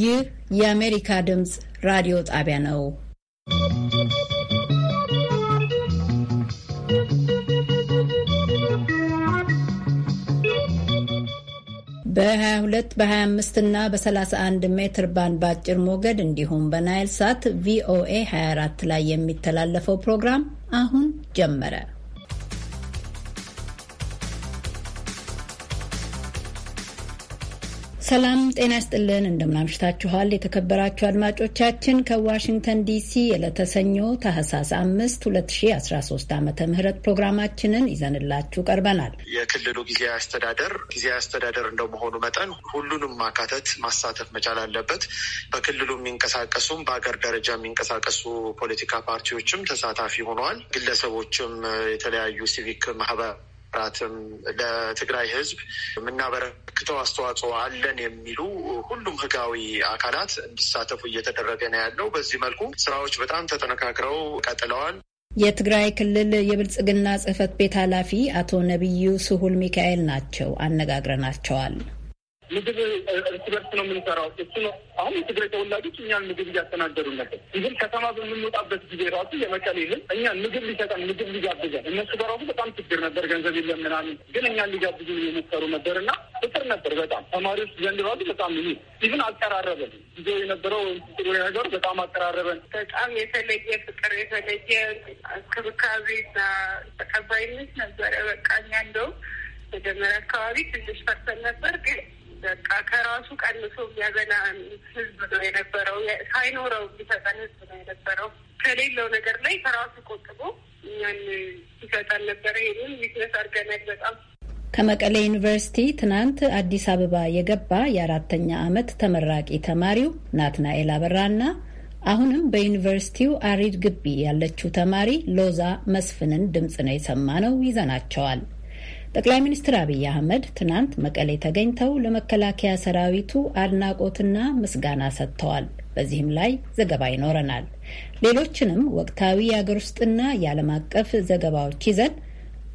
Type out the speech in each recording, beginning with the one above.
ይህ የአሜሪካ ድምፅ ራዲዮ ጣቢያ ነው። በ22 በ25 እና በ31 ሜትር ባንድ በአጭር ሞገድ እንዲሁም በናይል ሳት ቪኦኤ 24 ላይ የሚተላለፈው ፕሮግራም አሁን ጀመረ። ሰላም ጤና ይስጥልን። እንደምናምሽታችኋል የተከበራችሁ አድማጮቻችን ከዋሽንግተን ዲሲ የለተሰኞ ታህሳስ አምስት ሁለት ሺ አስራ ሶስት አመተ ምህረት ፕሮግራማችንን ይዘንላችሁ ቀርበናል። የክልሉ ጊዜያዊ አስተዳደር ጊዜያዊ አስተዳደር እንደመሆኑ መጠን ሁሉንም ማካተት ማሳተፍ መቻል አለበት። በክልሉ የሚንቀሳቀሱም በሀገር ደረጃ የሚንቀሳቀሱ ፖለቲካ ፓርቲዎችም ተሳታፊ ሆነዋል። ግለሰቦችም የተለያዩ ሲቪክ ማህበር ናትም ለትግራይ ህዝብ የምናበረክተው አስተዋጽኦ አለን የሚሉ ሁሉም ህጋዊ አካላት እንዲሳተፉ እየተደረገ ነው ያለው። በዚህ መልኩ ስራዎች በጣም ተጠነካክረው ቀጥለዋል። የትግራይ ክልል የብልጽግና ጽህፈት ቤት ኃላፊ አቶ ነቢዩ ስሁል ሚካኤል ናቸው። አነጋግረናቸዋል። ምግብ እርስ በርስ ነው የምንሰራው። እሱ ነው አሁን የትግራይ ተወላጆች እኛን ምግብ እያስተናገዱ ነበር። ይህን ከተማ በምንወጣበት ጊዜ ራሱ የመቀሌ ህዝብ እኛን ምግብ ሊሰጠን ምግብ ሊጋብዘን፣ እነሱ በራሱ በጣም ችግር ነበር፣ ገንዘብ የለም ምናምን፣ ግን እኛን ሊጋብዙ የሞከሩ ነበር እና ፍቅር ነበር በጣም ተማሪዎች ዘንድ ራሱ በጣም ይ ይህን አቀራረበን ጊዜው የነበረው ጥሩ ነገሩ በጣም አቀራረበን። በጣም የተለየ ፍቅር የተለየ እንክብካቤና ተቀባይነት ነበረ። በቃ እኛ እንደውም መጀመሪያ አካባቢ ትንሽ ፈርተን ነበር ግን በቃ ከራሱ ቀንሶ የሚያበላ ህዝብ ነው የነበረው። ሳይኖረው የሚሰጠን ህዝብ ነው የነበረው። ከሌለው ነገር ላይ ከራሱ ቆጥቦ እኛን ሲሰጠን ነበረ። ይህንን ቢዝነስ አድርገናል በጣም ከመቀሌ ዩኒቨርሲቲ ትናንት አዲስ አበባ የገባ የአራተኛ ዓመት ተመራቂ ተማሪው ናትናኤል አበራና አሁንም በዩኒቨርሲቲው አሪድ ግቢ ያለችው ተማሪ ሎዛ መስፍንን ድምፅ ነው ነው ይዘናቸዋል። ጠቅላይ ሚኒስትር አብይ አህመድ ትናንት መቀሌ ተገኝተው ለመከላከያ ሰራዊቱ አድናቆትና ምስጋና ሰጥተዋል። በዚህም ላይ ዘገባ ይኖረናል። ሌሎችንም ወቅታዊ የአገር ውስጥና የዓለም አቀፍ ዘገባዎች ይዘን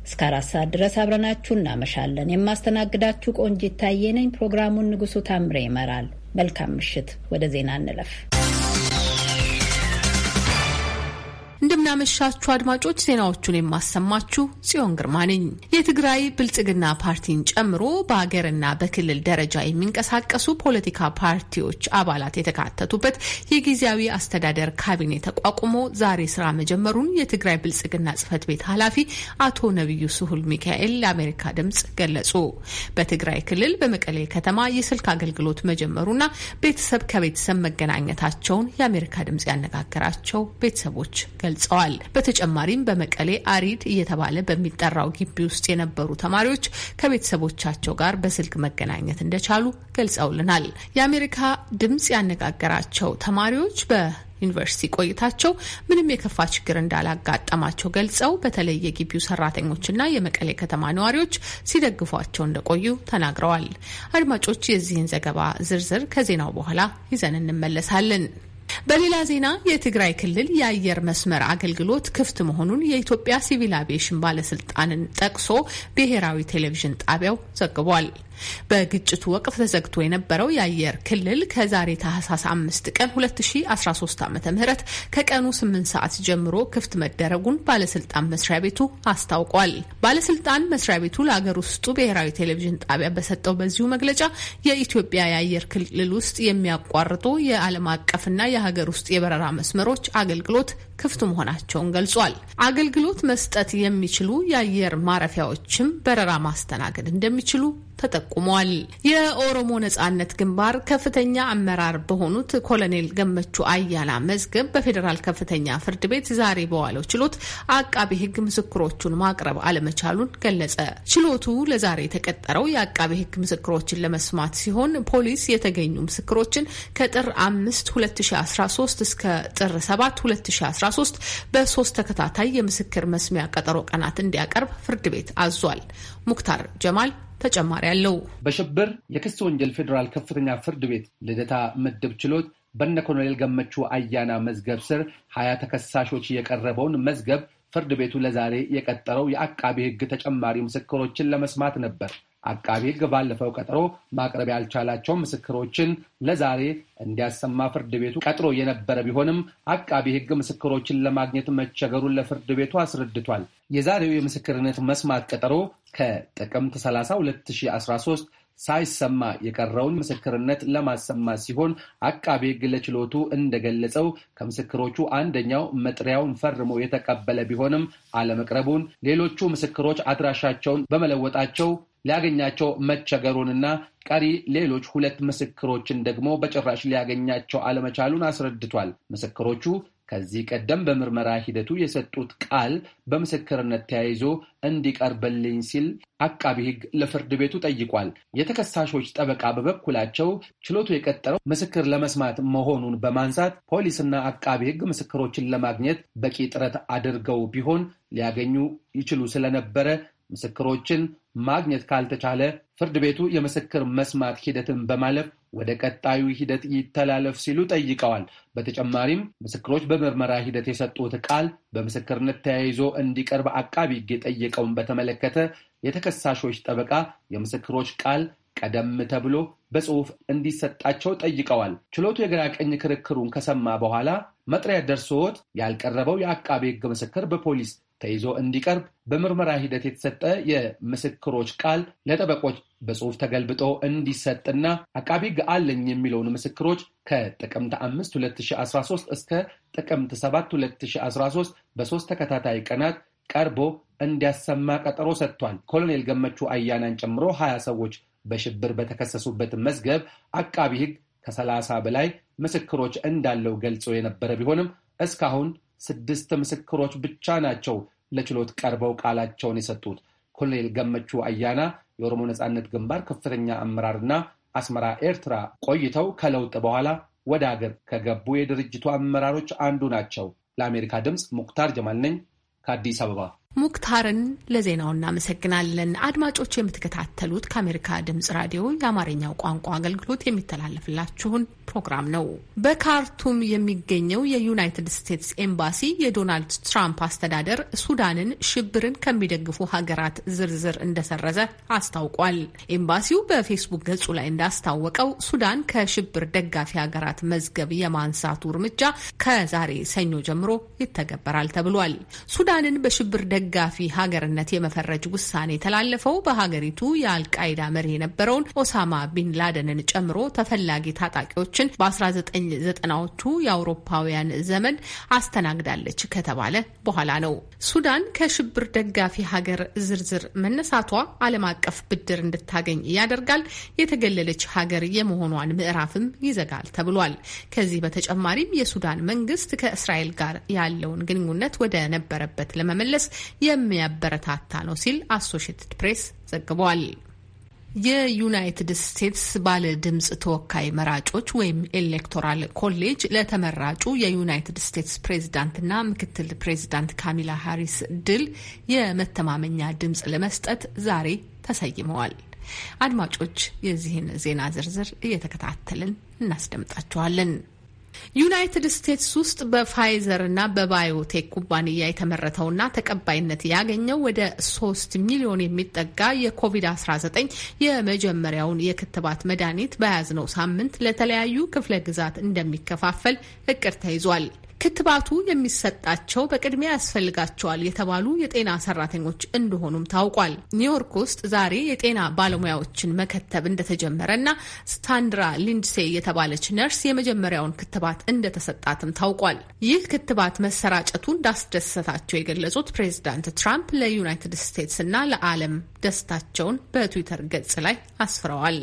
እስከ አራት ሰዓት ድረስ አብረናችሁ እናመሻለን። የማስተናግዳችሁ ቆንጂት ታዬ ነኝ። ፕሮግራሙን ንጉሱ ታምሬ ይመራል። መልካም ምሽት። ወደ ዜና እንለፍ። እንደምናመሻችሁ አድማጮች፣ ዜናዎቹን የማሰማችሁ ጽዮን ግርማ ነኝ። የትግራይ ብልጽግና ፓርቲን ጨምሮ በሀገርና በክልል ደረጃ የሚንቀሳቀሱ ፖለቲካ ፓርቲዎች አባላት የተካተቱበት የጊዜያዊ አስተዳደር ካቢኔ ተቋቁሞ ዛሬ ስራ መጀመሩን የትግራይ ብልጽግና ጽህፈት ቤት ኃላፊ አቶ ነቢዩ ስሁል ሚካኤል ለአሜሪካ ድምጽ ገለጹ። በትግራይ ክልል በመቀሌ ከተማ የስልክ አገልግሎት መጀመሩና ቤተሰብ ከቤተሰብ መገናኘታቸውን የአሜሪካ ድምጽ ያነጋገራቸው ቤተሰቦች ገልጸዋል። ገልጸዋል። በተጨማሪም በመቀሌ አሪድ እየተባለ በሚጠራው ግቢ ውስጥ የነበሩ ተማሪዎች ከቤተሰቦቻቸው ጋር በስልክ መገናኘት እንደቻሉ ገልጸውልናል። የአሜሪካ ድምጽ ያነጋገራቸው ተማሪዎች በ ዩኒቨርሲቲ ቆይታቸው ምንም የከፋ ችግር እንዳላጋጠማቸው ገልጸው በተለይ የግቢው ሰራተኞችና የመቀሌ ከተማ ነዋሪዎች ሲደግፏቸው እንደቆዩ ተናግረዋል። አድማጮች የዚህን ዘገባ ዝርዝር ከዜናው በኋላ ይዘን እንመለሳለን። በሌላ ዜና የትግራይ ክልል የአየር መስመር አገልግሎት ክፍት መሆኑን የኢትዮጵያ ሲቪል አቪዬሽን ባለስልጣንን ጠቅሶ ብሔራዊ ቴሌቪዥን ጣቢያው ዘግቧል። በግጭቱ ወቅት ተዘግቶ የነበረው የአየር ክልል ከዛሬ ታህሳስ አምስት ቀን 2013 ዓ ም ከቀኑ 8 ሰዓት ጀምሮ ክፍት መደረጉን ባለስልጣን መስሪያ ቤቱ አስታውቋል። ባለስልጣን መስሪያ ቤቱ ለአገር ውስጡ ብሔራዊ ቴሌቪዥን ጣቢያ በሰጠው በዚሁ መግለጫ የኢትዮጵያ የአየር ክልል ውስጥ የሚያቋርጡ የዓለም አቀፍና የሀገር ውስጥ የበረራ መስመሮች አገልግሎት ክፍት መሆናቸውን ገልጿል። አገልግሎት መስጠት የሚችሉ የአየር ማረፊያዎችም በረራ ማስተናገድ እንደሚችሉ ተጠቁመዋል። የኦሮሞ ነጻነት ግንባር ከፍተኛ አመራር በሆኑት ኮሎኔል ገመቹ አያላ መዝገብ በፌዴራል ከፍተኛ ፍርድ ቤት ዛሬ በዋለው ችሎት አቃቢ ሕግ ምስክሮቹን ማቅረብ አለመቻሉን ገለጸ። ችሎቱ ለዛሬ የተቀጠረው የአቃቢ ሕግ ምስክሮችን ለመስማት ሲሆን ፖሊስ የተገኙ ምስክሮችን ከጥር 5 2013 እስከ ጥር 7 2013 በሶስት ተከታታይ የምስክር መስሚያ ቀጠሮ ቀናት እንዲያቀርብ ፍርድ ቤት አዟል። ሙክታር ጀማል ተጨማሪ አለው። በሽብር የክስ ወንጀል ፌዴራል ከፍተኛ ፍርድ ቤት ልደታ ምድብ ችሎት በነ ኮሎኔል ገመቹ አያና መዝገብ ስር ሀያ ተከሳሾች የቀረበውን መዝገብ ፍርድ ቤቱ ለዛሬ የቀጠረው የአቃቢ ሕግ ተጨማሪ ምስክሮችን ለመስማት ነበር። አቃቢ ሕግ ባለፈው ቀጠሮ ማቅረብ ያልቻላቸው ምስክሮችን ለዛሬ እንዲያሰማ ፍርድ ቤቱ ቀጥሮ የነበረ ቢሆንም አቃቢ ሕግ ምስክሮችን ለማግኘት መቸገሩን ለፍርድ ቤቱ አስረድቷል። የዛሬው የምስክርነት መስማት ቀጠሮ ከጥቅምት 30 2013 ሳይሰማ የቀረውን ምስክርነት ለማሰማ ሲሆን አቃቤ ሕግ ለችሎቱ እንደገለጸው ከምስክሮቹ አንደኛው መጥሪያውን ፈርሞ የተቀበለ ቢሆንም አለመቅረቡን፣ ሌሎቹ ምስክሮች አድራሻቸውን በመለወጣቸው ሊያገኛቸው መቸገሩንና ቀሪ ሌሎች ሁለት ምስክሮችን ደግሞ በጭራሽ ሊያገኛቸው አለመቻሉን አስረድቷል። ምስክሮቹ ከዚህ ቀደም በምርመራ ሂደቱ የሰጡት ቃል በምስክርነት ተያይዞ እንዲቀርብልኝ ሲል አቃቢ ሕግ ለፍርድ ቤቱ ጠይቋል። የተከሳሾች ጠበቃ በበኩላቸው ችሎቱ የቀጠረው ምስክር ለመስማት መሆኑን በማንሳት ፖሊስና አቃቢ ሕግ ምስክሮችን ለማግኘት በቂ ጥረት አድርገው ቢሆን ሊያገኙ ይችሉ ስለነበረ ምስክሮችን ማግኘት ካልተቻለ ፍርድ ቤቱ የምስክር መስማት ሂደትን በማለፍ ወደ ቀጣዩ ሂደት ይተላለፍ ሲሉ ጠይቀዋል። በተጨማሪም ምስክሮች በምርመራ ሂደት የሰጡት ቃል በምስክርነት ተያይዞ እንዲቀርብ አቃቢ ሕግ የጠየቀውን በተመለከተ የተከሳሾች ጠበቃ የምስክሮች ቃል ቀደም ተብሎ በጽሁፍ እንዲሰጣቸው ጠይቀዋል። ችሎቱ የግራ ቀኝ ክርክሩን ከሰማ በኋላ መጥሪያ ደርሶት ያልቀረበው የአቃቢ ሕግ ምስክር በፖሊስ ተይዞ እንዲቀርብ በምርመራ ሂደት የተሰጠ የምስክሮች ቃል ለጠበቆች በጽሁፍ ተገልብጦ እንዲሰጥና አቃቢ ሕግ አለኝ የሚለውን ምስክሮች ከጥቅምት 5 2013 እስከ ጥቅምት 7 2013 በሶስት ተከታታይ ቀናት ቀርቦ እንዲያሰማ ቀጠሮ ሰጥቷል። ኮሎኔል ገመቹ አያናን ጨምሮ 20 ሰዎች በሽብር በተከሰሱበት መዝገብ አቃቢ ሕግ ከ30 በላይ ምስክሮች እንዳለው ገልጾ የነበረ ቢሆንም እስካሁን ስድስት ምስክሮች ብቻ ናቸው ለችሎት ቀርበው ቃላቸውን የሰጡት። ኮሎኔል ገመቹ አያና የኦሮሞ ነጻነት ግንባር ከፍተኛ አመራርና አስመራ ኤርትራ ቆይተው ከለውጥ በኋላ ወደ አገር ከገቡ የድርጅቱ አመራሮች አንዱ ናቸው። ለአሜሪካ ድምፅ ሙክታር ጀማል ነኝ ከአዲስ አበባ። ሙክታርን ለዜናው እናመሰግናለን። አድማጮች የምትከታተሉት ከአሜሪካ ድምጽ ራዲዮ የአማርኛው ቋንቋ አገልግሎት የሚተላለፍላችሁን ፕሮግራም ነው። በካርቱም የሚገኘው የዩናይትድ ስቴትስ ኤምባሲ የዶናልድ ትራምፕ አስተዳደር ሱዳንን ሽብርን ከሚደግፉ ሀገራት ዝርዝር እንደሰረዘ አስታውቋል። ኤምባሲው በፌስቡክ ገጹ ላይ እንዳስታወቀው ሱዳን ከሽብር ደጋፊ ሀገራት መዝገብ የማንሳቱ እርምጃ ከዛሬ ሰኞ ጀምሮ ይተገበራል ተብሏል። ሱዳንን በሽብር ደጋፊ ሀገርነት የመፈረጅ ውሳኔ የተላለፈው በሀገሪቱ የአልቃይዳ መሪ የነበረውን ኦሳማ ቢን ላደንን ጨምሮ ተፈላጊ ታጣቂዎችን በ1990ዎቹ የአውሮፓውያን ዘመን አስተናግዳለች ከተባለ በኋላ ነው። ሱዳን ከሽብር ደጋፊ ሀገር ዝርዝር መነሳቷ ዓለም አቀፍ ብድር እንድታገኝ ያደርጋል፣ የተገለለች ሀገር የመሆኗን ምዕራፍም ይዘጋል ተብሏል። ከዚህ በተጨማሪም የሱዳን መንግስት ከእስራኤል ጋር ያለውን ግንኙነት ወደ ነበረበት ለመመለስ የሚያበረታታ ነው ሲል አሶሽየትድ ፕሬስ ዘግቧል። የዩናይትድ ስቴትስ ባለ ድምጽ ተወካይ መራጮች ወይም ኤሌክቶራል ኮሌጅ ለተመራጩ የዩናይትድ ስቴትስ ፕሬዝዳንትና ምክትል ፕሬዝዳንት ካሚላ ሃሪስ ድል የመተማመኛ ድምፅ ለመስጠት ዛሬ ተሰይመዋል። አድማጮች፣ የዚህን ዜና ዝርዝር እየተከታተልን እናስደምጣችኋለን። ዩናይትድ ስቴትስ ውስጥ እና በባዮቴክ ኩባንያ የተመረተውና ተቀባይነት ያገኘው ወደ ሶስት ሚሊዮን የሚጠጋ የኮቪድ-19 የመጀመሪያውን የክትባት መድኃኒት በያዝነው ሳምንት ለተለያዩ ክፍለ ግዛት እንደሚከፋፈል እቅድ ተይዟል። ክትባቱ የሚሰጣቸው በቅድሚያ ያስፈልጋቸዋል የተባሉ የጤና ሰራተኞች እንደሆኑም ታውቋል። ኒውዮርክ ውስጥ ዛሬ የጤና ባለሙያዎችን መከተብ እንደተጀመረ እና ስታንድራ ሊንድሴ የተባለች ነርስ የመጀመሪያውን ክትባት እንደተሰጣትም ታውቋል። ይህ ክትባት መሰራጨቱ እንዳስደሰታቸው የገለጹት ፕሬዚዳንት ትራምፕ ለዩናይትድ ስቴትስ እና ለዓለም ደስታቸውን በትዊተር ገጽ ላይ አስፍረዋል።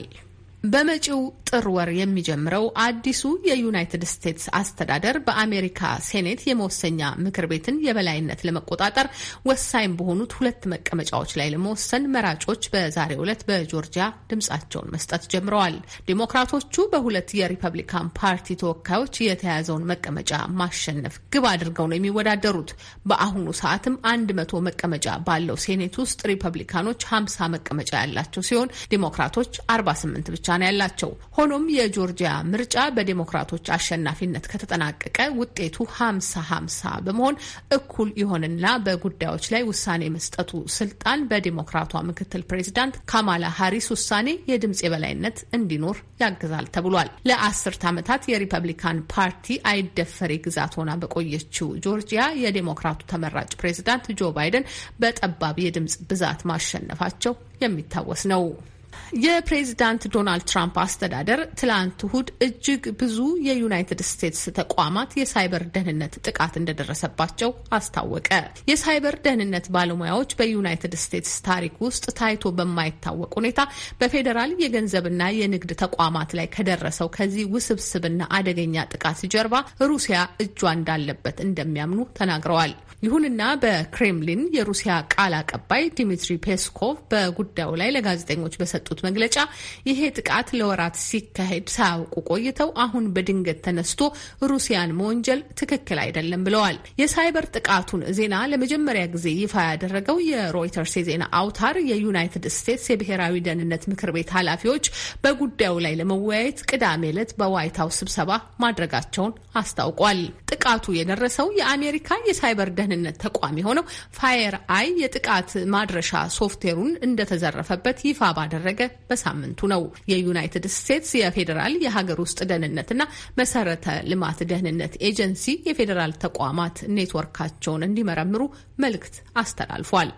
በመጪው ጥር ወር የሚጀምረው አዲሱ የዩናይትድ ስቴትስ አስተዳደር በአሜሪካ ሴኔት የመወሰኛ ምክር ቤትን የበላይነት ለመቆጣጠር ወሳኝ በሆኑት ሁለት መቀመጫዎች ላይ ለመወሰን መራጮች በዛሬው ዕለት በጆርጂያ ድምጻቸውን መስጠት ጀምረዋል። ዲሞክራቶቹ በሁለት የሪፐብሊካን ፓርቲ ተወካዮች የተያዘውን መቀመጫ ማሸነፍ ግብ አድርገው ነው የሚወዳደሩት። በአሁኑ ሰዓትም አንድ መቶ መቀመጫ ባለው ሴኔት ውስጥ ሪፐብሊካኖች ሀምሳ መቀመጫ ያላቸው ሲሆን ዲሞክራቶች አርባ ስምንት ብቻ ነው ያላቸው። ሆኖም የጆርጂያ ምርጫ በዴሞክራቶች አሸናፊነት ከተጠናቀቀ ውጤቱ ሀምሳ ሀምሳ በመሆን እኩል ይሆንና በጉዳዮች ላይ ውሳኔ መስጠቱ ስልጣን በዴሞክራቷ ምክትል ፕሬዚዳንት ካማላ ሀሪስ ውሳኔ የድምፅ የበላይነት እንዲኖር ያግዛል ተብሏል። ለአስርት ዓመታት የሪፐብሊካን ፓርቲ አይደፈሬ ግዛት ሆና በቆየችው ጆርጂያ የዴሞክራቱ ተመራጭ ፕሬዚዳንት ጆ ባይደን በጠባብ የድምፅ ብዛት ማሸነፋቸው የሚታወስ ነው። የፕሬዚዳንት ዶናልድ ትራምፕ አስተዳደር ትላንት እሁድ እጅግ ብዙ የዩናይትድ ስቴትስ ተቋማት የሳይበር ደህንነት ጥቃት እንደደረሰባቸው አስታወቀ። የሳይበር ደህንነት ባለሙያዎች በዩናይትድ ስቴትስ ታሪክ ውስጥ ታይቶ በማይታወቅ ሁኔታ በፌዴራል የገንዘብና የንግድ ተቋማት ላይ ከደረሰው ከዚህ ውስብስብና አደገኛ ጥቃት ጀርባ ሩሲያ እጇ እንዳለበት እንደሚያምኑ ተናግረዋል። ይሁንና በክሬምሊን የሩሲያ ቃል አቀባይ ዲሚትሪ ፔስኮቭ በጉዳዩ ላይ ለጋዜጠኞች በሰ በሰጡት መግለጫ ይሄ ጥቃት ለወራት ሲካሄድ ሳያውቁ ቆይተው አሁን በድንገት ተነስቶ ሩሲያን መወንጀል ትክክል አይደለም ብለዋል። የሳይበር ጥቃቱን ዜና ለመጀመሪያ ጊዜ ይፋ ያደረገው የሮይተርስ የዜና አውታር የዩናይትድ ስቴትስ የብሔራዊ ደህንነት ምክር ቤት ኃላፊዎች በጉዳዩ ላይ ለመወያየት ቅዳሜ ዕለት በዋይት ሀውስ ስብሰባ ማድረጋቸውን አስታውቋል። ጥቃቱ የደረሰው የአሜሪካ የሳይበር ደህንነት ተቋም የሆነው ፋየር አይ የጥቃት ማድረሻ ሶፍትዌሩን እንደተዘረፈበት ይፋ ባደረገ ያደረገ በሳምንቱ ነው። የዩናይትድ ስቴትስ የፌዴራል የሀገር ውስጥ ደህንነትና መሰረተ ልማት ደህንነት ኤጀንሲ የፌዴራል ተቋማት ኔትወርካቸውን እንዲመረምሩ መልእክት አስተላልፏል።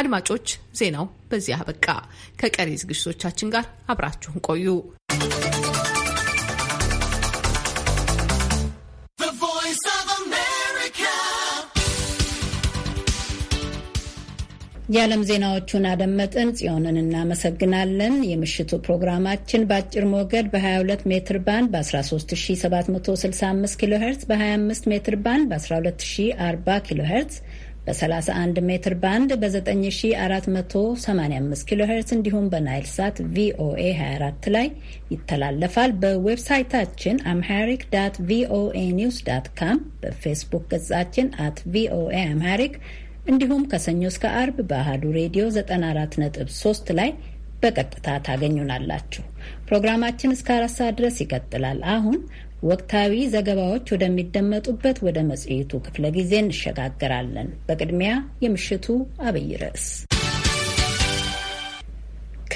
አድማጮች፣ ዜናው በዚህ አበቃ። ከቀሪ ዝግጅቶቻችን ጋር አብራችሁን ቆዩ። የዓለም ዜናዎቹን አደመጥን። ጽዮንን እናመሰግናለን። የምሽቱ ፕሮግራማችን በአጭር ሞገድ በ22 ሜትር ባንድ በ13765 ኪሎ ሄርትስ፣ በ25 ሜትር ባንድ በ1240 ኪሎ ሄርትስ፣ በ31 ሜትር ባንድ በ9485 ኪሎ ሄርትስ እንዲሁም በናይል ሳት ቪኦኤ 24 ላይ ይተላለፋል። በዌብሳይታችን አምሃሪክ ዳት ቪኦኤ ኒውስ ዳት ካም፣ በፌስቡክ ገጻችን አት ቪኦኤ አምሃሪክ እንዲሁም ከሰኞ እስከ አርብ በአህዱ ሬዲዮ 94.3 ላይ በቀጥታ ታገኙናላችሁ። ፕሮግራማችን እስከ አራት ሰዓት ድረስ ይቀጥላል። አሁን ወቅታዊ ዘገባዎች ወደሚደመጡበት ወደ መጽሔቱ ክፍለ ጊዜ እንሸጋግራለን። በቅድሚያ የምሽቱ አብይ ርዕስ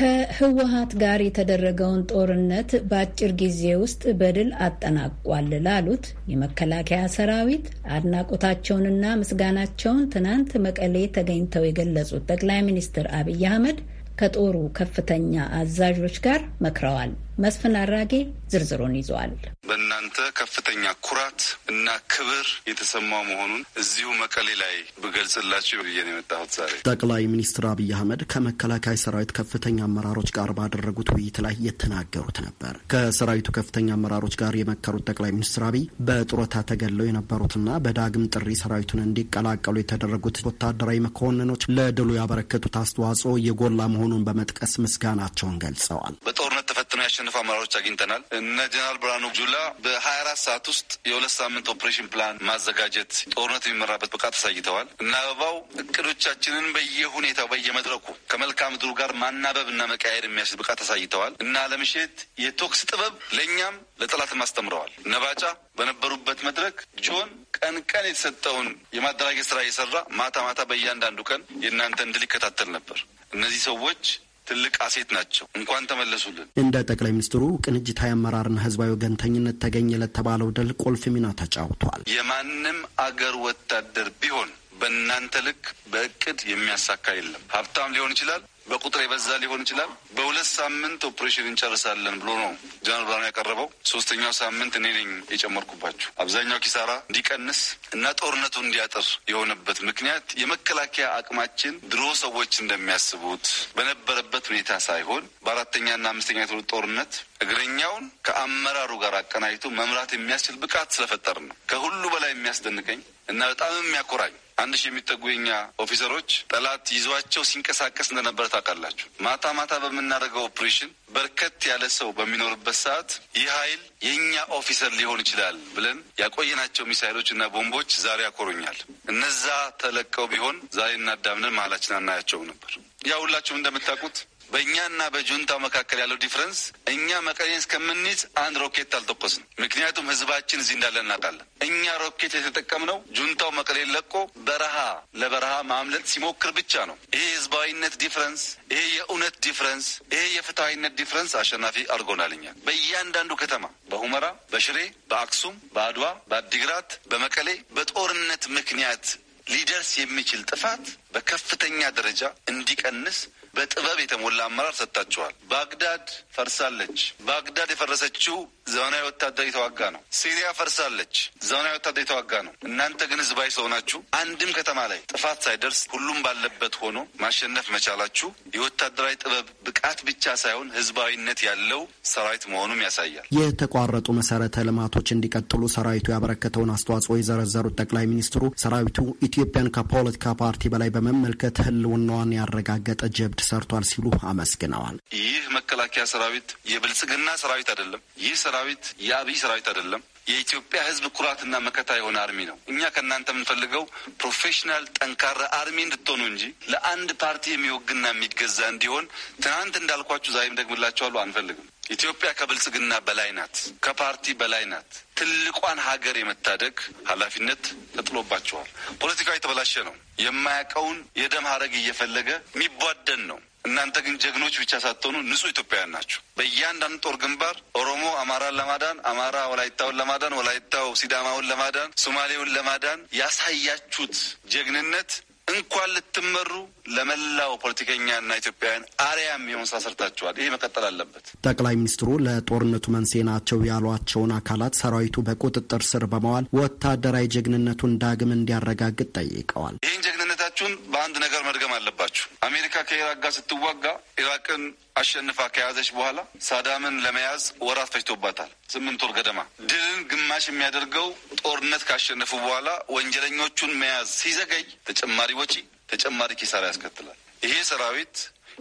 ከህወሀት ጋር የተደረገውን ጦርነት በአጭር ጊዜ ውስጥ በድል አጠናቋል ላሉት የመከላከያ ሰራዊት አድናቆታቸውንና ምስጋናቸውን ትናንት መቀሌ ተገኝተው የገለጹት ጠቅላይ ሚኒስትር አብይ አህመድ ከጦሩ ከፍተኛ አዛዦች ጋር መክረዋል። መስፍን አራጌ ዝርዝሩን ይዘዋል። በእናንተ ከፍተኛ ኩራት እና ክብር የተሰማ መሆኑን እዚሁ መቀሌ ላይ ብገልጽላችሁ ብዬ ነው የመጣሁት ዛሬ። ጠቅላይ ሚኒስትር አብይ አህመድ ከመከላከያ ሰራዊት ከፍተኛ አመራሮች ጋር ባደረጉት ውይይት ላይ የተናገሩት ነበር። ከሰራዊቱ ከፍተኛ አመራሮች ጋር የመከሩት ጠቅላይ ሚኒስትር አብይ በጡረታ ተገለው የነበሩትና በዳግም ጥሪ ሰራዊቱን እንዲቀላቀሉ የተደረጉት ወታደራዊ መኮንኖች ለድሉ ያበረከቱት አስተዋጽኦ የጎላ መሆኑን በመጥቀስ ምስጋናቸውን ገልጸዋል። በጦርነት ተፈትኖ የሚያሸንፉ አመራሮች አግኝተናል። እነ ጀነራል ብርሃኑ ጁላ በሀያ አራት ሰዓት ውስጥ የሁለት ሳምንት ኦፕሬሽን ፕላን ማዘጋጀት፣ ጦርነት የሚመራበት ብቃት አሳይተዋል እና አበባው እቅዶቻችንን በየሁኔታው በየመድረኩ ከመልካ ምድሩ ጋር ማናበብ እና መቀያየር የሚያስችል ብቃት አሳይተዋል እና ለምሽት የቶክስ ጥበብ ለእኛም ለጠላትም አስተምረዋል። ነባጫ በነበሩበት መድረክ ጆን ቀን ቀን የተሰጠውን የማደራጀት ስራ እየሰራ ማታ ማታ በእያንዳንዱ ቀን የእናንተን ድል ይከታተል ነበር። እነዚህ ሰዎች ትልቅ አሴት ናቸው። እንኳን ተመለሱልን። እንደ ጠቅላይ ሚኒስትሩ ቅንጅታዊ አመራርና ህዝባዊ ወገንተኝነት ተገኘ ለተባለው ድል ቁልፍ ሚና ተጫውቷል። የማንም አገር ወታደር ቢሆን በእናንተ ልክ በእቅድ የሚያሳካ የለም። ሀብታም ሊሆን ይችላል በቁጥር የበዛ ሊሆን ይችላል። በሁለት ሳምንት ኦፕሬሽን እንጨርሳለን ብሎ ነው ጀነራል ብርሃኑ ያቀረበው። ሶስተኛው ሳምንት እኔ ነኝ የጨመርኩባቸው። አብዛኛው ኪሳራ እንዲቀንስ እና ጦርነቱ እንዲያጥር የሆነበት ምክንያት የመከላከያ አቅማችን ድሮ ሰዎች እንደሚያስቡት በነበረበት ሁኔታ ሳይሆን በአራተኛና አምስተኛ ትውልድ ጦርነት እግረኛውን ከአመራሩ ጋር አቀናጅቶ መምራት የሚያስችል ብቃት ስለፈጠር ነው። ከሁሉ በላይ የሚያስደንቀኝ እና በጣም የሚያኮራኝ አንድ ሺህ የሚጠጉ የኛ ኦፊሰሮች ጠላት ይዟቸው ሲንቀሳቀስ እንደነበረ ታውቃላችሁ። ማታ ማታ በምናደርገው ኦፕሬሽን በርከት ያለ ሰው በሚኖርበት ሰዓት ይህ ኃይል የእኛ ኦፊሰር ሊሆን ይችላል ብለን ያቆየናቸው ሚሳይሎች እና ቦምቦች ዛሬ ያኮሩኛል። እነዛ ተለቀው ቢሆን ዛሬ እናዳምነን መሀላችን አናያቸው ነበር። ያ ሁላችሁም እንደምታውቁት በእኛና በጁንታው መካከል ያለው ዲፍረንስ እኛ መቀሌን እስከምንይዝ አንድ ሮኬት አልተኮስን። ምክንያቱም ህዝባችን እዚህ እንዳለ እናውቃለን። እኛ ሮኬት የተጠቀምነው ጁንታው መቀሌን ለቆ በረሃ ለበረሃ ማምለጥ ሲሞክር ብቻ ነው። ይሄ የህዝባዊነት ዲፍረንስ፣ ይሄ የእውነት ዲፍረንስ፣ ይሄ የፍትሐዊነት ዲፍረንስ አሸናፊ አድርጎናልኛል። በእያንዳንዱ ከተማ በሁመራ፣ በሽሬ፣ በአክሱም፣ በአድዋ፣ በአዲግራት፣ በመቀሌ በጦርነት ምክንያት ሊደርስ የሚችል ጥፋት በከፍተኛ ደረጃ እንዲቀንስ በጥበብ የተሞላ አመራር ሰጥታችኋል። ባግዳድ ፈርሳለች። ባግዳድ የፈረሰችው ዘመናዊ ወታደር የተዋጋ ነው። ሲሪያ ፈርሳለች፣ ዘመናዊ ወታደር የተዋጋ ነው። እናንተ ግን ህዝባዊ ሰው ናችሁ። አንድም ከተማ ላይ ጥፋት ሳይደርስ ሁሉም ባለበት ሆኖ ማሸነፍ መቻላችሁ የወታደራዊ ጥበብ ብቃት ብቻ ሳይሆን ህዝባዊነት ያለው ሰራዊት መሆኑም ያሳያል። የተቋረጡ መሰረተ ልማቶች እንዲቀጥሉ ሰራዊቱ ያበረከተውን አስተዋጽኦ የዘረዘሩት ጠቅላይ ሚኒስትሩ ሰራዊቱ ኢትዮጵያን ከፖለቲካ ፓርቲ በላይ በመመልከት ህልውናዋን ያረጋገጠ ጀብድ ሰርቷል ሲሉ አመስግነዋል። ይህ መከላከያ ሰራዊት የብልጽግና ሰራዊት አይደለም። ይህ ሰራዊት የአብይ ሰራዊት አይደለም። የኢትዮጵያ ሕዝብ ኩራትና መከታ የሆነ አርሚ ነው። እኛ ከእናንተ የምንፈልገው ፕሮፌሽናል ጠንካራ አርሚ እንድትሆኑ እንጂ ለአንድ ፓርቲ የሚወግና የሚገዛ እንዲሆን ትናንት እንዳልኳችሁ ዛሬም ደግምላችኋለሁ አንፈልግም። ኢትዮጵያ ከብልጽግና በላይ ናት፣ ከፓርቲ በላይ ናት። ትልቋን ሀገር የመታደግ ኃላፊነት ተጥሎባቸዋል ፖለቲካው የተበላሸ ነው። የማያውቀውን የደም ሀረግ እየፈለገ የሚቧደን ነው። እናንተ ግን ጀግኖች ብቻ ሳትሆኑ ንጹህ ኢትዮጵያውያን ናችሁ። በእያንዳንዱ ጦር ግንባር ኦሮሞ አማራን ለማዳን፣ አማራ ወላይታውን ለማዳን፣ ወላይታው ሲዳማውን ለማዳን፣ ሶማሌውን ለማዳን ያሳያችሁት ጀግንነት እንኳን ልትመሩ ለመላው ፖለቲከኛና ኢትዮጵያውያን አርያ የሚሆን ስራ ሰርታችኋል። ይህ መቀጠል አለበት። ጠቅላይ ሚኒስትሩ ለጦርነቱ መንስኤ ናቸው ያሏቸውን አካላት ሰራዊቱ በቁጥጥር ስር በመዋል ወታደራዊ ጀግንነቱን ዳግም እንዲያረጋግጥ ጠይቀዋል። ይህን ጀግንነታችሁን በአንድ ነገር መድገም አለባችሁ። አሜሪካ ከኢራቅ ጋር ስትዋጋ ኢራቅን አሸንፋ ከያዘች በኋላ ሳዳምን ለመያዝ ወራት ፈጅቶባታል፣ ስምንት ወር ገደማ። ድልን ግማሽ የሚያደርገው ጦርነት ካሸነፉ በኋላ ወንጀለኞቹን መያዝ ሲዘገይ ተጨማሪ ወጪ፣ ተጨማሪ ኪሳራ ያስከትላል። ይሄ ሰራዊት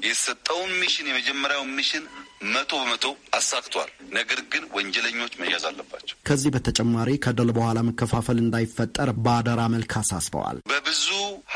የተሰጠውን ሚሽን የመጀመሪያውን ሚሽን መቶ በመቶ አሳክቷል። ነገር ግን ወንጀለኞች መያዝ አለባቸው። ከዚህ በተጨማሪ ከድል በኋላ መከፋፈል እንዳይፈጠር በአደራ መልክ አሳስበዋል። በብዙ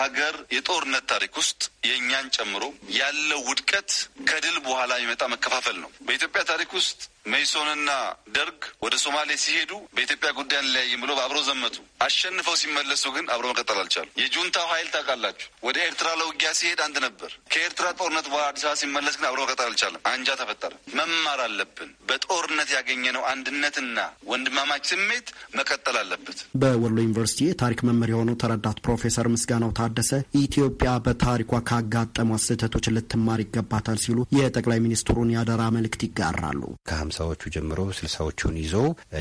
ሀገር የጦርነት ታሪክ ውስጥ የእኛን ጨምሮ ያለው ውድቀት ከድል በኋላ የሚመጣ መከፋፈል ነው። በኢትዮጵያ ታሪክ ውስጥ መይሶንና ደርግ ወደ ሶማሌ ሲሄዱ በኢትዮጵያ ጉዳይ አንለያይም ብሎ አብረው ዘመቱ። አሸንፈው ሲመለሱ ግን አብሮ መቀጠል አልቻሉ። የጁንታው ኃይል ታውቃላችሁ፣ ወደ ኤርትራ ለውጊያ ሲሄድ አንድ ነበር። ከኤርትራ ጦርነት በኋላ አዲስ አበባ ሲመለስ ግን አብሮ መቀጠል አልቻለም። አንጃ ተፈጠረ። ጋር መማር አለብን። በጦርነት ያገኘነው አንድነትና ወንድማማች ስሜት መቀጠል አለበት። በወሎ ዩኒቨርሲቲ የታሪክ መምህር የሆኑ ተረዳት ፕሮፌሰር ምስጋናው ታደሰ ኢትዮጵያ በታሪኳ ካጋጠሟት ስህተቶች ልትማር ይገባታል ሲሉ የጠቅላይ ሚኒስትሩን ያደራ መልእክት ይጋራሉ። ከሀምሳዎቹ ጀምሮ ስልሳዎቹን ይዞ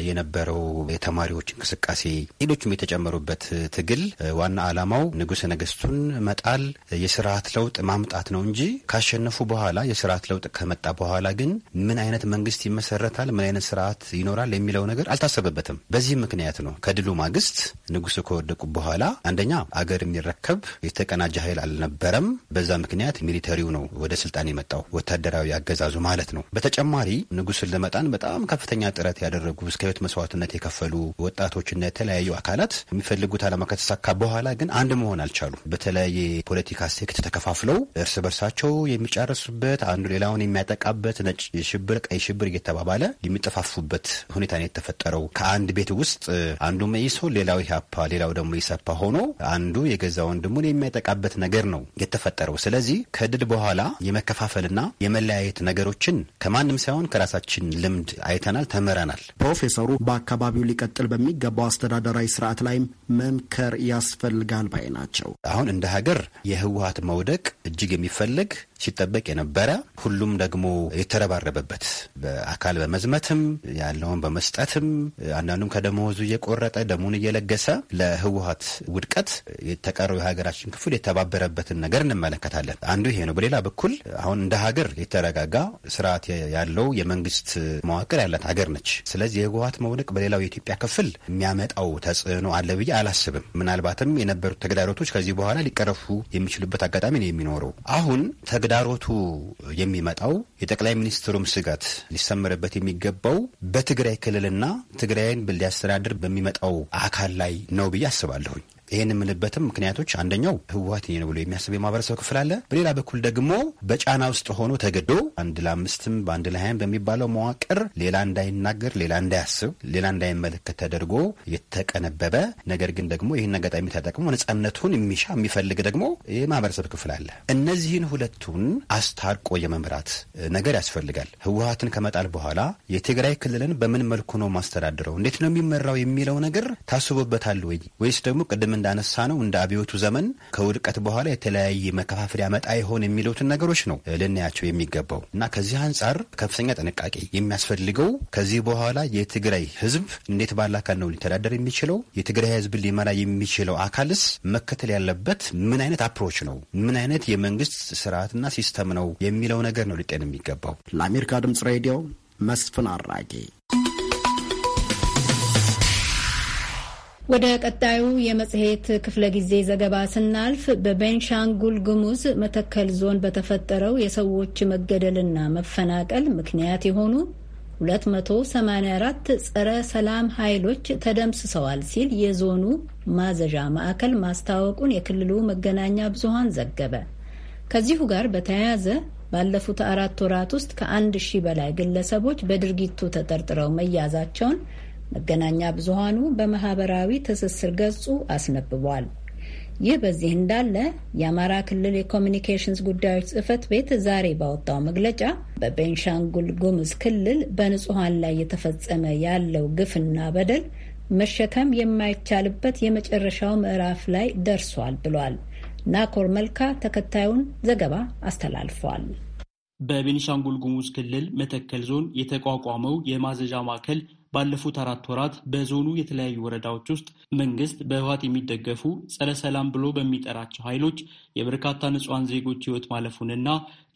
የነበረው የተማሪዎች እንቅስቃሴ፣ ሌሎችም የተጨመሩበት ትግል ዋና ዓላማው ንጉሠ ነገስቱን መጣል፣ የስርዓት ለውጥ ማምጣት ነው እንጂ ካሸነፉ በኋላ የስርዓት ለውጥ ከመጣ በኋላ ግን ምን አይነት መንግስት ይመሰረታል፣ ምን አይነት ስርዓት ይኖራል የሚለው ነገር አልታሰበበትም። በዚህ ምክንያት ነው ከድሉ ማግስት ንጉሱ ከወደቁ በኋላ አንደኛ አገር የሚረከብ የተቀናጀ ኃይል አልነበረም። በዛ ምክንያት ሚሊተሪው ነው ወደ ስልጣን የመጣው ወታደራዊ አገዛዙ ማለት ነው። በተጨማሪ ንጉስን ለመጣን በጣም ከፍተኛ ጥረት ያደረጉ እስከ ህይወት መስዋዕትነት የከፈሉ ወጣቶችና የተለያዩ አካላት የሚፈልጉት ዓላማ ከተሳካ በኋላ ግን አንድ መሆን አልቻሉ። በተለያየ ፖለቲካ ሴክት ተከፋፍለው እርስ በርሳቸው የሚጫረሱበት አንዱ ሌላውን የሚያጠቃበት ነጭ ሽብር፣ ቀይ ሽብር እየተባባለ የሚጠፋፉበት ሁኔታ ነው የተፈጠረው። ከአንድ ቤት ውስጥ አንዱ መኢሶ፣ ሌላው ኢህአፓ፣ ሌላው ደግሞ ኢሰፓ ሆኖ አንዱ የገዛ ወንድሙን የሚያጠቃበት ነገር ነው የተፈጠረው። ስለዚህ ከድል በኋላ የመከፋፈልና የመለያየት ነገሮችን ከማንም ሳይሆን ከራሳችን ልምድ አይተናል፣ ተምረናል። ፕሮፌሰሩ በአካባቢው ሊቀጥል በሚገባው አስተዳደራዊ ስርዓት ላይም መምከር ያስፈልጋል ባይ ናቸው። አሁን እንደ ሀገር የህወሀት መውደቅ እጅግ የሚፈለግ ሲጠበቅ የነበረ ሁሉም ደግሞ የተረባረበበት በአካል በመዝመትም ያለውን በመስጠትም አንዳንዱም ከደመወዙ እየቆረጠ ደሙን እየለገሰ ለህወሀት ውድቀት የተቀረው የሀገራችን ክፍል የተባበረበትን ነገር እንመለከታለን። አንዱ ይሄ ነው። በሌላ በኩል አሁን እንደ ሀገር የተረጋጋ ስርዓት ያለው የመንግስት መዋቅር ያላት ሀገር ነች። ስለዚህ የህወሀት መውደቅ በሌላው የኢትዮጵያ ክፍል የሚያመጣው ተጽዕኖ አለ ብዬ አላስብም። ምናልባትም የነበሩት ተግዳሮቶች ከዚህ በኋላ ሊቀረፉ የሚችሉበት አጋጣሚ ነው የሚኖረው አሁን ተዳሮቱ የሚመጣው የጠቅላይ ሚኒስትሩም ስጋት ሊሰመርበት የሚገባው በትግራይ ክልልና ትግራይን ሊያስተዳድር በሚመጣው አካል ላይ ነው ብዬ አስባለሁኝ። ይህን የምልበትም ምክንያቶች አንደኛው ህወሀት ነው ብሎ የሚያስብ የማህበረሰብ ክፍል አለ። በሌላ በኩል ደግሞ በጫና ውስጥ ሆኖ ተገዶ አንድ ለአምስትም በአንድ ለሀያም በሚባለው መዋቅር ሌላ እንዳይናገር፣ ሌላ እንዳያስብ፣ ሌላ እንዳይመለከት ተደርጎ የተቀነበበ ነገር ግን ደግሞ ይህን አጋጣሚ ተጠቅሞ ነጻነቱን የሚሻ የሚፈልግ ደግሞ የማህበረሰብ ክፍል አለ። እነዚህን ሁለቱን አስታርቆ የመምራት ነገር ያስፈልጋል። ህወሀትን ከመጣል በኋላ የትግራይ ክልልን በምን መልኩ ነው ማስተዳድረው፣ እንዴት ነው የሚመራው የሚለው ነገር ታስቦበታል ወይ ወይስ ደግሞ ቅድም እንዳነሳ ነው እንደ አብዮቱ ዘመን ከውድቀት በኋላ የተለያየ መከፋፈል ያመጣ ይሆን የሚሉትን ነገሮች ነው ልናያቸው የሚገባው እና ከዚህ አንጻር ከፍተኛ ጥንቃቄ የሚያስፈልገው ከዚህ በኋላ የትግራይ ህዝብ እንዴት ባለ አካል ነው ሊተዳደር የሚችለው? የትግራይ ህዝብ ሊመራ የሚችለው አካልስ መከተል ያለበት ምን አይነት አፕሮች ነው? ምን አይነት የመንግስት ስርዓትና ሲስተም ነው የሚለው ነገር ነው ሊጤን የሚገባው። ለአሜሪካ ድምጽ ሬዲዮ መስፍን አራጌ ወደ ቀጣዩ የመጽሔት ክፍለ ጊዜ ዘገባ ስናልፍ በቤንሻንጉል ጉሙዝ መተከል ዞን በተፈጠረው የሰዎች መገደልና መፈናቀል ምክንያት የሆኑ 284 ጸረ ሰላም ኃይሎች ተደምስሰዋል ሲል የዞኑ ማዘዣ ማዕከል ማስታወቁን የክልሉ መገናኛ ብዙኃን ዘገበ። ከዚሁ ጋር በተያያዘ ባለፉት አራት ወራት ውስጥ ከአንድ ሺህ በላይ ግለሰቦች በድርጊቱ ተጠርጥረው መያዛቸውን መገናኛ ብዙሃኑ በማህበራዊ ትስስር ገጹ አስነብቧል። ይህ በዚህ እንዳለ የአማራ ክልል የኮሚኒኬሽንስ ጉዳዮች ጽህፈት ቤት ዛሬ ባወጣው መግለጫ በቤንሻንጉል ጉሙዝ ክልል በንጹሐን ላይ የተፈጸመ ያለው ግፍና በደል መሸከም የማይቻልበት የመጨረሻው ምዕራፍ ላይ ደርሷል ብሏል። ናኮር መልካ ተከታዩን ዘገባ አስተላልፏል። በቤኒሻንጉል ጉሙዝ ክልል መተከል ዞን የተቋቋመው የማዘዣ ማዕከል ባለፉት አራት ወራት በዞኑ የተለያዩ ወረዳዎች ውስጥ መንግስት በህወሓት የሚደገፉ ጸረ ሰላም ብሎ በሚጠራቸው ኃይሎች የበርካታ ንጹሐን ዜጎች ህይወት ማለፉንና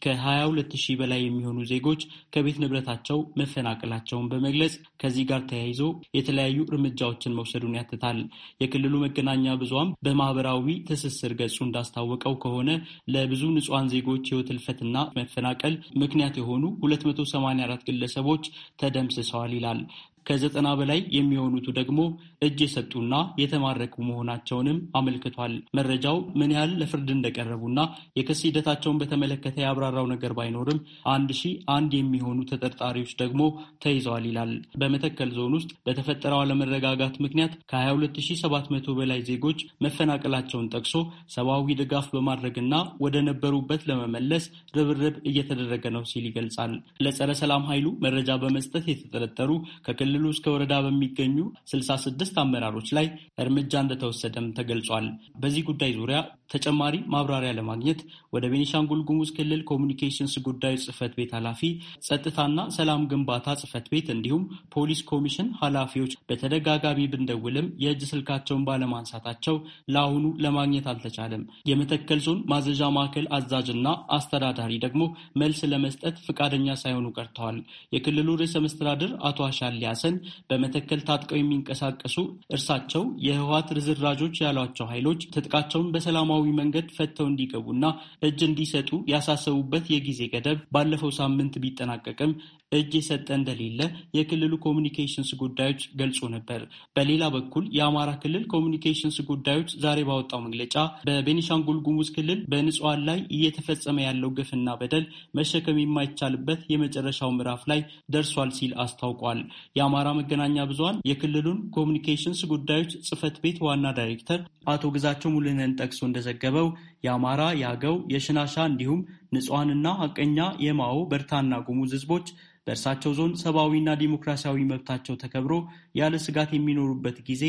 ከ22 ሺህ በላይ የሚሆኑ ዜጎች ከቤት ንብረታቸው መፈናቀላቸውን በመግለጽ ከዚህ ጋር ተያይዞ የተለያዩ እርምጃዎችን መውሰዱን ያትታል። የክልሉ መገናኛ ብዙሃን በማህበራዊ ትስስር ገጹ እንዳስታወቀው ከሆነ ለብዙ ንጹሐን ዜጎች ህይወት እልፈትና መፈናቀል ምክንያት የሆኑ 284 ግለሰቦች ተደምስሰዋል ይላል። ከዘጠና በላይ የሚሆኑቱ ደግሞ እጅ የሰጡና የተማረኩ መሆናቸውንም አመልክቷል። መረጃው ምን ያህል ለፍርድ እንደቀረቡና የክስ ሂደታቸውን በተመለከተ ያብራራው ነገር ባይኖርም አንድ ሺ አንድ የሚሆኑ ተጠርጣሪዎች ደግሞ ተይዘዋል ይላል። በመተከል ዞን ውስጥ በተፈጠረው አለመረጋጋት ምክንያት ከ22700 በላይ ዜጎች መፈናቀላቸውን ጠቅሶ ሰብአዊ ድጋፍ በማድረግና ወደ ነበሩበት ለመመለስ ርብርብ እየተደረገ ነው ሲል ይገልጻል። ለጸረ ሰላም ኃይሉ መረጃ በመስጠት የተጠረጠሩ ከክልል ከክልሉ እስከ ወረዳ በሚገኙ 66 ስድስት አመራሮች ላይ እርምጃ እንደተወሰደም ተገልጿል። በዚህ ጉዳይ ዙሪያ ተጨማሪ ማብራሪያ ለማግኘት ወደ ቤኒሻንጉል ጉሙዝ ክልል ኮሚኒኬሽንስ ጉዳዮች ጽህፈት ቤት ኃላፊ፣ ጸጥታና ሰላም ግንባታ ጽህፈት ቤት እንዲሁም ፖሊስ ኮሚሽን ኃላፊዎች በተደጋጋሚ ብንደውልም የእጅ ስልካቸውን ባለማንሳታቸው ለአሁኑ ለማግኘት አልተቻለም። የመተከል ዞን ማዘዣ ማዕከል አዛዥና አስተዳዳሪ ደግሞ መልስ ለመስጠት ፈቃደኛ ሳይሆኑ ቀርተዋል። የክልሉ ርዕሰ መስተዳድር አቶ አሻሊያ ጦስን በመተከል ታጥቀው የሚንቀሳቀሱ እርሳቸው የህወሀት ርዝራጆች ያሏቸው ኃይሎች ትጥቃቸውን በሰላማዊ መንገድ ፈተው እንዲገቡና እጅ እንዲሰጡ ያሳሰቡበት የጊዜ ገደብ ባለፈው ሳምንት ቢጠናቀቅም እጅ የሰጠ እንደሌለ የክልሉ ኮሚኒኬሽንስ ጉዳዮች ገልጾ ነበር። በሌላ በኩል የአማራ ክልል ኮሚኒኬሽንስ ጉዳዮች ዛሬ ባወጣው መግለጫ በቤኒሻንጉል ጉሙዝ ክልል በንጹሐን ላይ እየተፈጸመ ያለው ግፍና በደል መሸከም የማይቻልበት የመጨረሻው ምዕራፍ ላይ ደርሷል ሲል አስታውቋል። የአማራ መገናኛ ብዙሃን የክልሉን ኮሚኒኬሽንስ ጉዳዮች ጽህፈት ቤት ዋና ዳይሬክተር አቶ ግዛቸው ሙሉነን ጠቅሶ እንደዘገበው የአማራ፣ የአገው፣ የሽናሻ እንዲሁም ንጹሐንና ሀቀኛ የማኦ በርታና ጉሙዝ ህዝቦች በእርሳቸው ዞን ሰብአዊና ዲሞክራሲያዊ መብታቸው ተከብሮ ያለ ስጋት የሚኖሩበት ጊዜ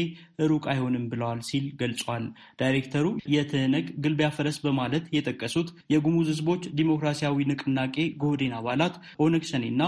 ሩቅ አይሆንም ብለዋል ሲል ገልጿል። ዳይሬክተሩ የትህነግ ግልቢያ ፈረስ በማለት የጠቀሱት የጉሙዝ ህዝቦች ዲሞክራሲያዊ ንቅናቄ ጎህዴን አባላት ኦነግ ሸኔና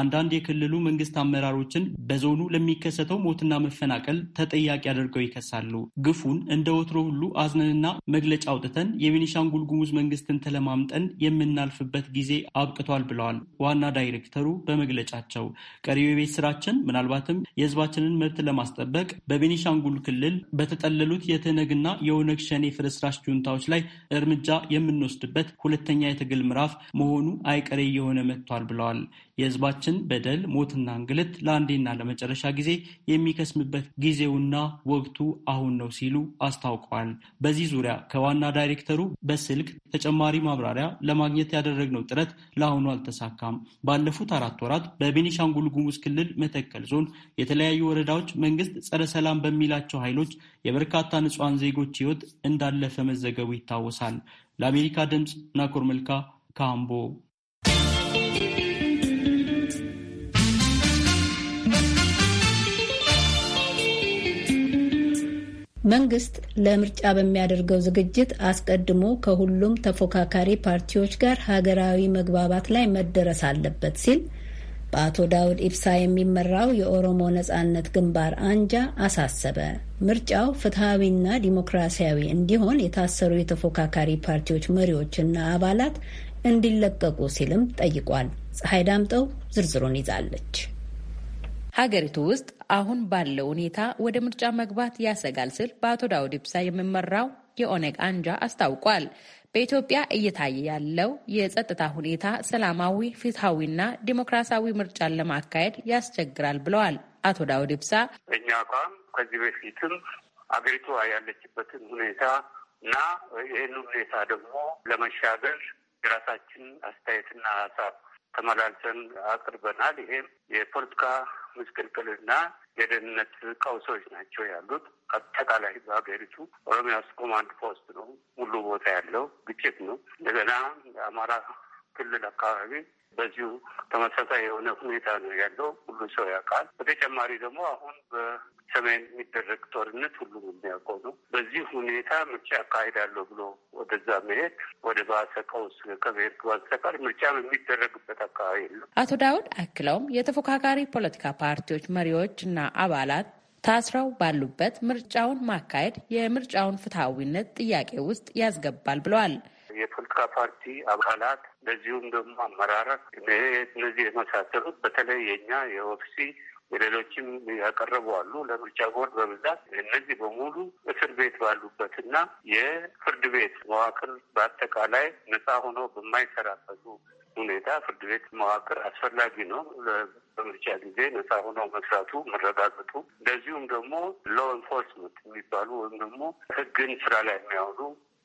አንዳንድ የክልሉ መንግስት አመራሮችን በዞኑ ለሚከሰተው ሞትና መፈናቀል ተጠያቂ አድርገው ይከሳሉ። ግፉን እንደ ወትሮ ሁሉ አዝነንና መግለጫ አውጥተን የቤኒሻንጉል ጉሙዝ መንግስትን ተለማምጠን የምናልፍበት ጊዜ አብቅቷል ብለዋል ዋና ዳይሬክተሩ በመግለጫቸው። ቀሪው የቤት ስራችን ምናልባትም የህዝባችንን መብት ለማስጠበቅ በቤኒሻንጉል ክልል በተጠለሉት የትህነግና የኦነግ ሸኔ ፍርስራሽ ጁንታዎች ላይ እርምጃ የምንወስድበት ሁለተኛ የትግል ምዕራፍ መሆኑ አይቀሬ እየሆነ መጥቷል ብለዋል። የህዝባችን በደል፣ ሞትና እንግልት ለአንዴና ለመጨረሻ ጊዜ የሚከስምበት ጊዜውና ወቅቱ አሁን ነው ሲሉ አስታውቀዋል። በዚህ ዙሪያ ከዋና ዳይሬክተሩ በስልክ ተጨማሪ ማብራሪያ ለማግኘት ያደረግነው ጥረት ለአሁኑ አልተሳካም። ባለፉት አራት ወራት በቤኒሻንጉል ጉሙዝ ክልል መተከል ዞን የተለያዩ ወረዳዎች መንግስት ጸረ ሰላም በሚላቸው ኃይሎች የበርካታ ንጹሐን ዜጎች ሕይወት እንዳለፈ መዘገቡ ይታወሳል። ለአሜሪካ ድምፅ ናኮር መልካ ካምቦ መንግስት ለምርጫ በሚያደርገው ዝግጅት አስቀድሞ ከሁሉም ተፎካካሪ ፓርቲዎች ጋር ሀገራዊ መግባባት ላይ መደረስ አለበት ሲል በአቶ ዳውድ ኢብሳ የሚመራው የኦሮሞ ነጻነት ግንባር አንጃ አሳሰበ። ምርጫው ፍትሐዊና ዲሞክራሲያዊ እንዲሆን የታሰሩ የተፎካካሪ ፓርቲዎች መሪዎችና አባላት እንዲለቀቁ ሲልም ጠይቋል። ፀሐይ ዳምጠው ዝርዝሩን ይዛለች። ሀገሪቱ ውስጥ አሁን ባለው ሁኔታ ወደ ምርጫ መግባት ያሰጋል ስል በአቶ ዳውድ ኢብሳ የሚመራው የኦነግ አንጃ አስታውቋል። በኢትዮጵያ እየታየ ያለው የጸጥታ ሁኔታ ሰላማዊ፣ ፍትሐዊና ዲሞክራሲያዊ ምርጫን ለማካሄድ ያስቸግራል ብለዋል አቶ ዳውድ ኢብሳ። እኛ አቋም ከዚህ በፊትም አገሪቱ ያለችበትን ሁኔታ እና ይህን ሁኔታ ደግሞ ለመሻገር የራሳችን አስተያየትና ሀሳብ ተመላልሰን አቅርበናል። ይሄም የፖለቲካ ምስቅልቅልና የደህንነት ቀውሶች ናቸው ያሉት። አጠቃላይ በሀገሪቱ ኦሮሚያ ውስጥ ኮማንድ ፖስት ነው ሙሉ ቦታ ያለው ግጭት ነው። እንደገና የአማራ ክልል አካባቢ በዚሁ ተመሳሳይ የሆነ ሁኔታ ነው ያለው። ሁሉ ሰው ያውቃል። በተጨማሪ ደግሞ አሁን በሰሜን የሚደረግ ጦርነት ሁሉም የሚያውቀው ነው። በዚህ ሁኔታ ምርጫ አካሄዳለሁ ብሎ ወደዛ መሄድ ወደ ባሰ ቀውስ ከመሄድ በስተቀር ምርጫ የሚደረግበት አካባቢ የለም። አቶ ዳውድ አክለውም የተፎካካሪ ፖለቲካ ፓርቲዎች መሪዎች እና አባላት ታስረው ባሉበት ምርጫውን ማካሄድ የምርጫውን ፍትሐዊነት ጥያቄ ውስጥ ያስገባል ብለዋል። የፖለቲካ ፓርቲ አባላት እንደዚሁም ደግሞ አመራረት እነዚህ የመሳሰሉት በተለይ የእኛ የኦፍሲ የሌሎችም ያቀረቡ አሉ። ለምርጫ ቦርድ በብዛት እነዚህ በሙሉ እስር ቤት ባሉበት ባሉበትና የፍርድ ቤት መዋቅር በአጠቃላይ ነፃ ሆኖ በማይሰራበት ሁኔታ ፍርድ ቤት መዋቅር አስፈላጊ ነው። በምርጫ ጊዜ ነጻ ሆኖ መስራቱ መረጋገጡ፣ እንደዚሁም ደግሞ ሎ ኢንፎርስመንት የሚባሉ ወይም ደግሞ ሕግን ስራ ላይ የሚያውሉ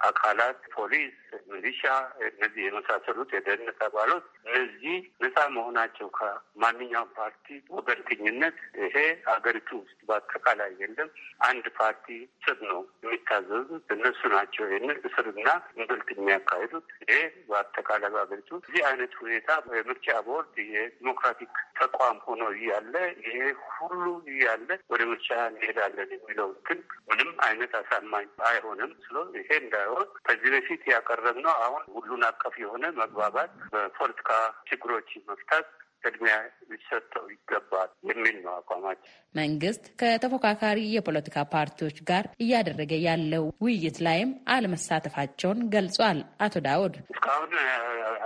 አካላት ፖሊስ፣ ሚሊሻ፣ እነዚህ የመሳሰሉት የደህንነት አባሎት እነዚህ ነፃ መሆናቸው ከማንኛውም ፓርቲ ወገንተኝነት ይሄ ሀገሪቱ ውስጥ በአጠቃላይ የለም። አንድ ፓርቲ ስር ነው የሚታዘዙት እነሱ ናቸው። ይህንን እስርና እንብልት የሚያካሂዱት ይሄ በአጠቃላይ በሀገሪቱ እዚህ አይነት ሁኔታ የምርጫ ቦርድ የዲሞክራቲክ ተቋም ሆኖ እያለ ይሄ ሁሉ እያለ ወደ ምርጫ እንሄዳለን የሚለው ግን ምንም አይነት አሳማኝ አይሆንም ስለ ይሄ እንዳ ሳይሆን ከዚህ በፊት ያቀረብነው አሁን ሁሉን አቀፍ የሆነ መግባባት በፖለቲካ ችግሮች መፍታት ቅድሚያ ሊሰጠው ይገባል የሚል ነው አቋማችን። መንግስት ከተፎካካሪ የፖለቲካ ፓርቲዎች ጋር እያደረገ ያለው ውይይት ላይም አለመሳተፋቸውን ገልጿል። አቶ ዳውድ እስካሁን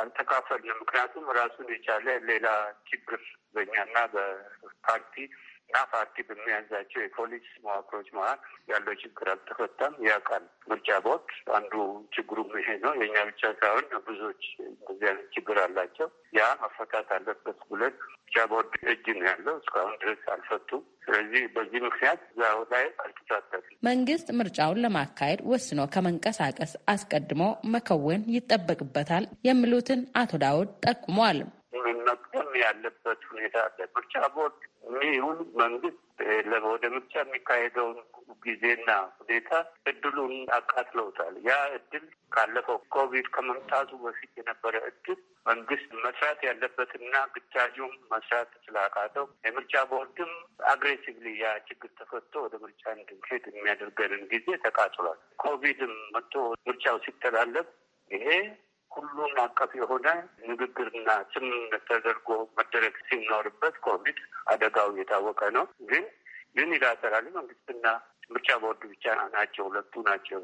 አልተካፈልንም፣ ምክንያቱም ራሱን የቻለ ሌላ ችግር በእኛና በፓርቲ ያ ፓርቲ በሚያዛቸው የፖሊስ መዋቅሮች መሀል ያለው ችግር አልተፈታም። ያውቃል ምርጫ ቦርድ አንዱ ችግሩ ይሄ ነው። የእኛ ብቻ ሳይሆን ብዙዎች እንደዚህ አይነት ችግር አላቸው። ያ መፈታት አለበት ብለን ምርጫ ቦርድ እጅ ነው ያለው። እስካሁን ድረስ አልፈቱም። ስለዚህ በዚህ ምክንያት እዛው ላይ አልተሳተፍም። መንግስት ምርጫውን ለማካሄድ ወስኖ ከመንቀሳቀስ አስቀድሞ መከወን ይጠበቅበታል የሚሉትን አቶ ዳውድ ጠቁመዋል። ያለበት ሁኔታ አለ። ምርጫ ቦርድ ይሁን መንግስት ወደ ምርጫ የሚካሄደውን ጊዜና ሁኔታ እድሉን አቃጥለውታል። ያ እድል ካለፈው ኮቪድ ከመምጣቱ በፊት የነበረ እድል መንግስት መስራት ያለበትና ግዳጁም መስራት ስላቃተው የምርጫ ቦርድም አግሬሲቭሊ ያ ችግር ተፈቶ ወደ ምርጫ እንድንሄድ የሚያደርገንን ጊዜ ተቃጥሏል። ኮቪድም መጥቶ ምርጫው ሲተላለፍ ይሄ ሁሉን አቀፍ የሆነ ንግግርና ስምምነት ተደርጎ መደረግ ሲኖርበት ኮቪድ አደጋው የታወቀ ነው። ግን ዩኒላተራል መንግስትና ምርጫ ቦርድ ብቻ ናቸው ሁለቱ ናቸው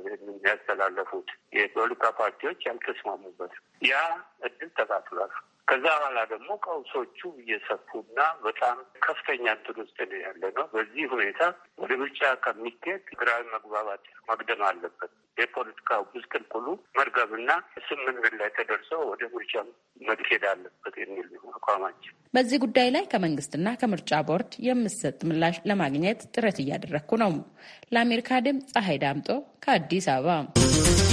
ያስተላለፉት። የፖለቲካ ፓርቲዎች ያልተስማሙበት ያ እድል ተካትሏል። ከዛ በኋላ ደግሞ ቀውሶቹ እየሰፉና በጣም ከፍተኛ እንትን ውስጥ ነው ያለ ነው። በዚህ ሁኔታ ወደ ምርጫ ከሚኬድ ብሔራዊ መግባባት መቅደም አለበት። የፖለቲካ ምስቅልቅሉ መርገብና ስምምነት ላይ ተደርሰው ወደ ምርጫ መሄድ አለበት የሚል አቋማችን። በዚህ ጉዳይ ላይ ከመንግስትና ከምርጫ ቦርድ የምሰጥ ምላሽ ለማግኘት ጥረት እያደረግኩ ነው። ለአሜሪካ ድምፅ ፀሐይ ዳምጦ ከአዲስ አበባ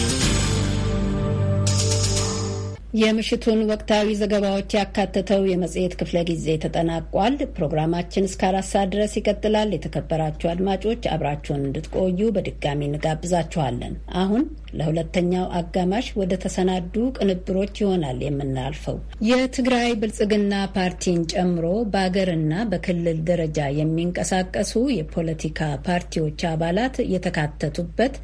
የምሽቱን ወቅታዊ ዘገባዎች ያካተተው የመጽሔት ክፍለ ጊዜ ተጠናቋል። ፕሮግራማችን እስከ አራት ሰዓት ድረስ ይቀጥላል። የተከበራችሁ አድማጮች አብራችሁን እንድትቆዩ በድጋሚ እንጋብዛችኋለን። አሁን ለሁለተኛው አጋማሽ ወደ ተሰናዱ ቅንብሮች ይሆናል የምናልፈው። የትግራይ ብልጽግና ፓርቲን ጨምሮ በአገርና በክልል ደረጃ የሚንቀሳቀሱ የፖለቲካ ፓርቲዎች አባላት የተካተቱበት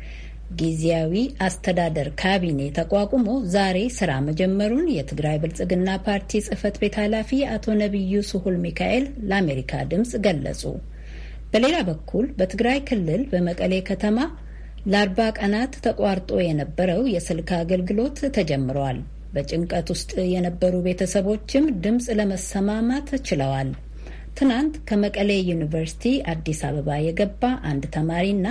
ጊዜያዊ አስተዳደር ካቢኔ ተቋቁሞ ዛሬ ስራ መጀመሩን የትግራይ ብልጽግና ፓርቲ ጽህፈት ቤት ኃላፊ አቶ ነቢዩ ስሁል ሚካኤል ለአሜሪካ ድምፅ ገለጹ። በሌላ በኩል በትግራይ ክልል በመቀሌ ከተማ ለአርባ ቀናት ተቋርጦ የነበረው የስልክ አገልግሎት ተጀምሯል። በጭንቀት ውስጥ የነበሩ ቤተሰቦችም ድምፅ ለመሰማማት ችለዋል። ትናንት ከመቀሌ ዩኒቨርሲቲ አዲስ አበባ የገባ አንድ ተማሪና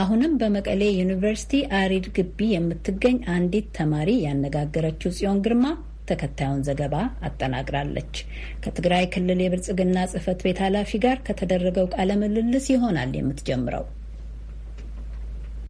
አሁንም በመቀሌ ዩኒቨርሲቲ አሪድ ግቢ የምትገኝ አንዲት ተማሪ ያነጋገረችው ጽዮን ግርማ ተከታዩን ዘገባ አጠናቅራለች። ከትግራይ ክልል የብልጽግና ጽህፈት ቤት ኃላፊ ጋር ከተደረገው ቃለ ምልልስ ይሆናል የምትጀምረው።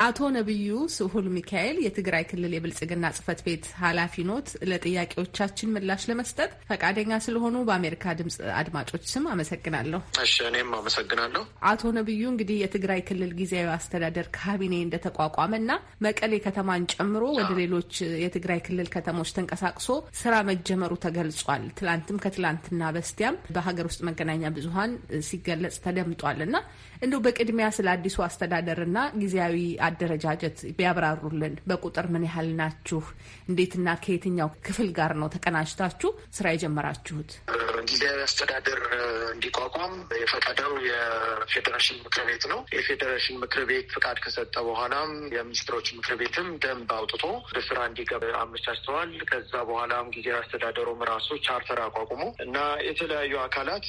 አቶ ነቢዩ ስሁል ሚካኤል የትግራይ ክልል የብልጽግና ጽህፈት ቤት ኃላፊ ኖት። ለጥያቄዎቻችን ምላሽ ለመስጠት ፈቃደኛ ስለሆኑ በአሜሪካ ድምፅ አድማጮች ስም አመሰግናለሁ። እሺ፣ እኔም አመሰግናለሁ። አቶ ነቢዩ እንግዲህ የትግራይ ክልል ጊዜያዊ አስተዳደር ካቢኔ እንደተቋቋመና መቀሌ ከተማን ጨምሮ ወደ ሌሎች የትግራይ ክልል ከተሞች ተንቀሳቅሶ ስራ መጀመሩ ተገልጿል። ትላንትም ከትላንትና በስቲያም በሀገር ውስጥ መገናኛ ብዙሀን ሲገለጽ ተደምጧል እና እንደው በቅድሚያ ስለ አዲሱ አስተዳደርና ጊዜያዊ አደረጃጀት ቢያብራሩልን። በቁጥር ምን ያህል ናችሁ? እንዴትና ከየትኛው ክፍል ጋር ነው ተቀናጅታችሁ ስራ የጀመራችሁት? ጊዜያዊ አስተዳደር እንዲቋቋም የፈቀደው የፌዴሬሽን ምክር ቤት ነው። የፌዴሬሽን ምክር ቤት ፍቃድ ከሰጠ በኋላም የሚኒስትሮች ምክር ቤትም ደንብ አውጥቶ ስራ እንዲገብ አመቻችተዋል። ከዛ በኋላም ጊዜያዊ አስተዳደሩም ራሱ ቻርተር አቋቁሞ እና የተለያዩ አካላት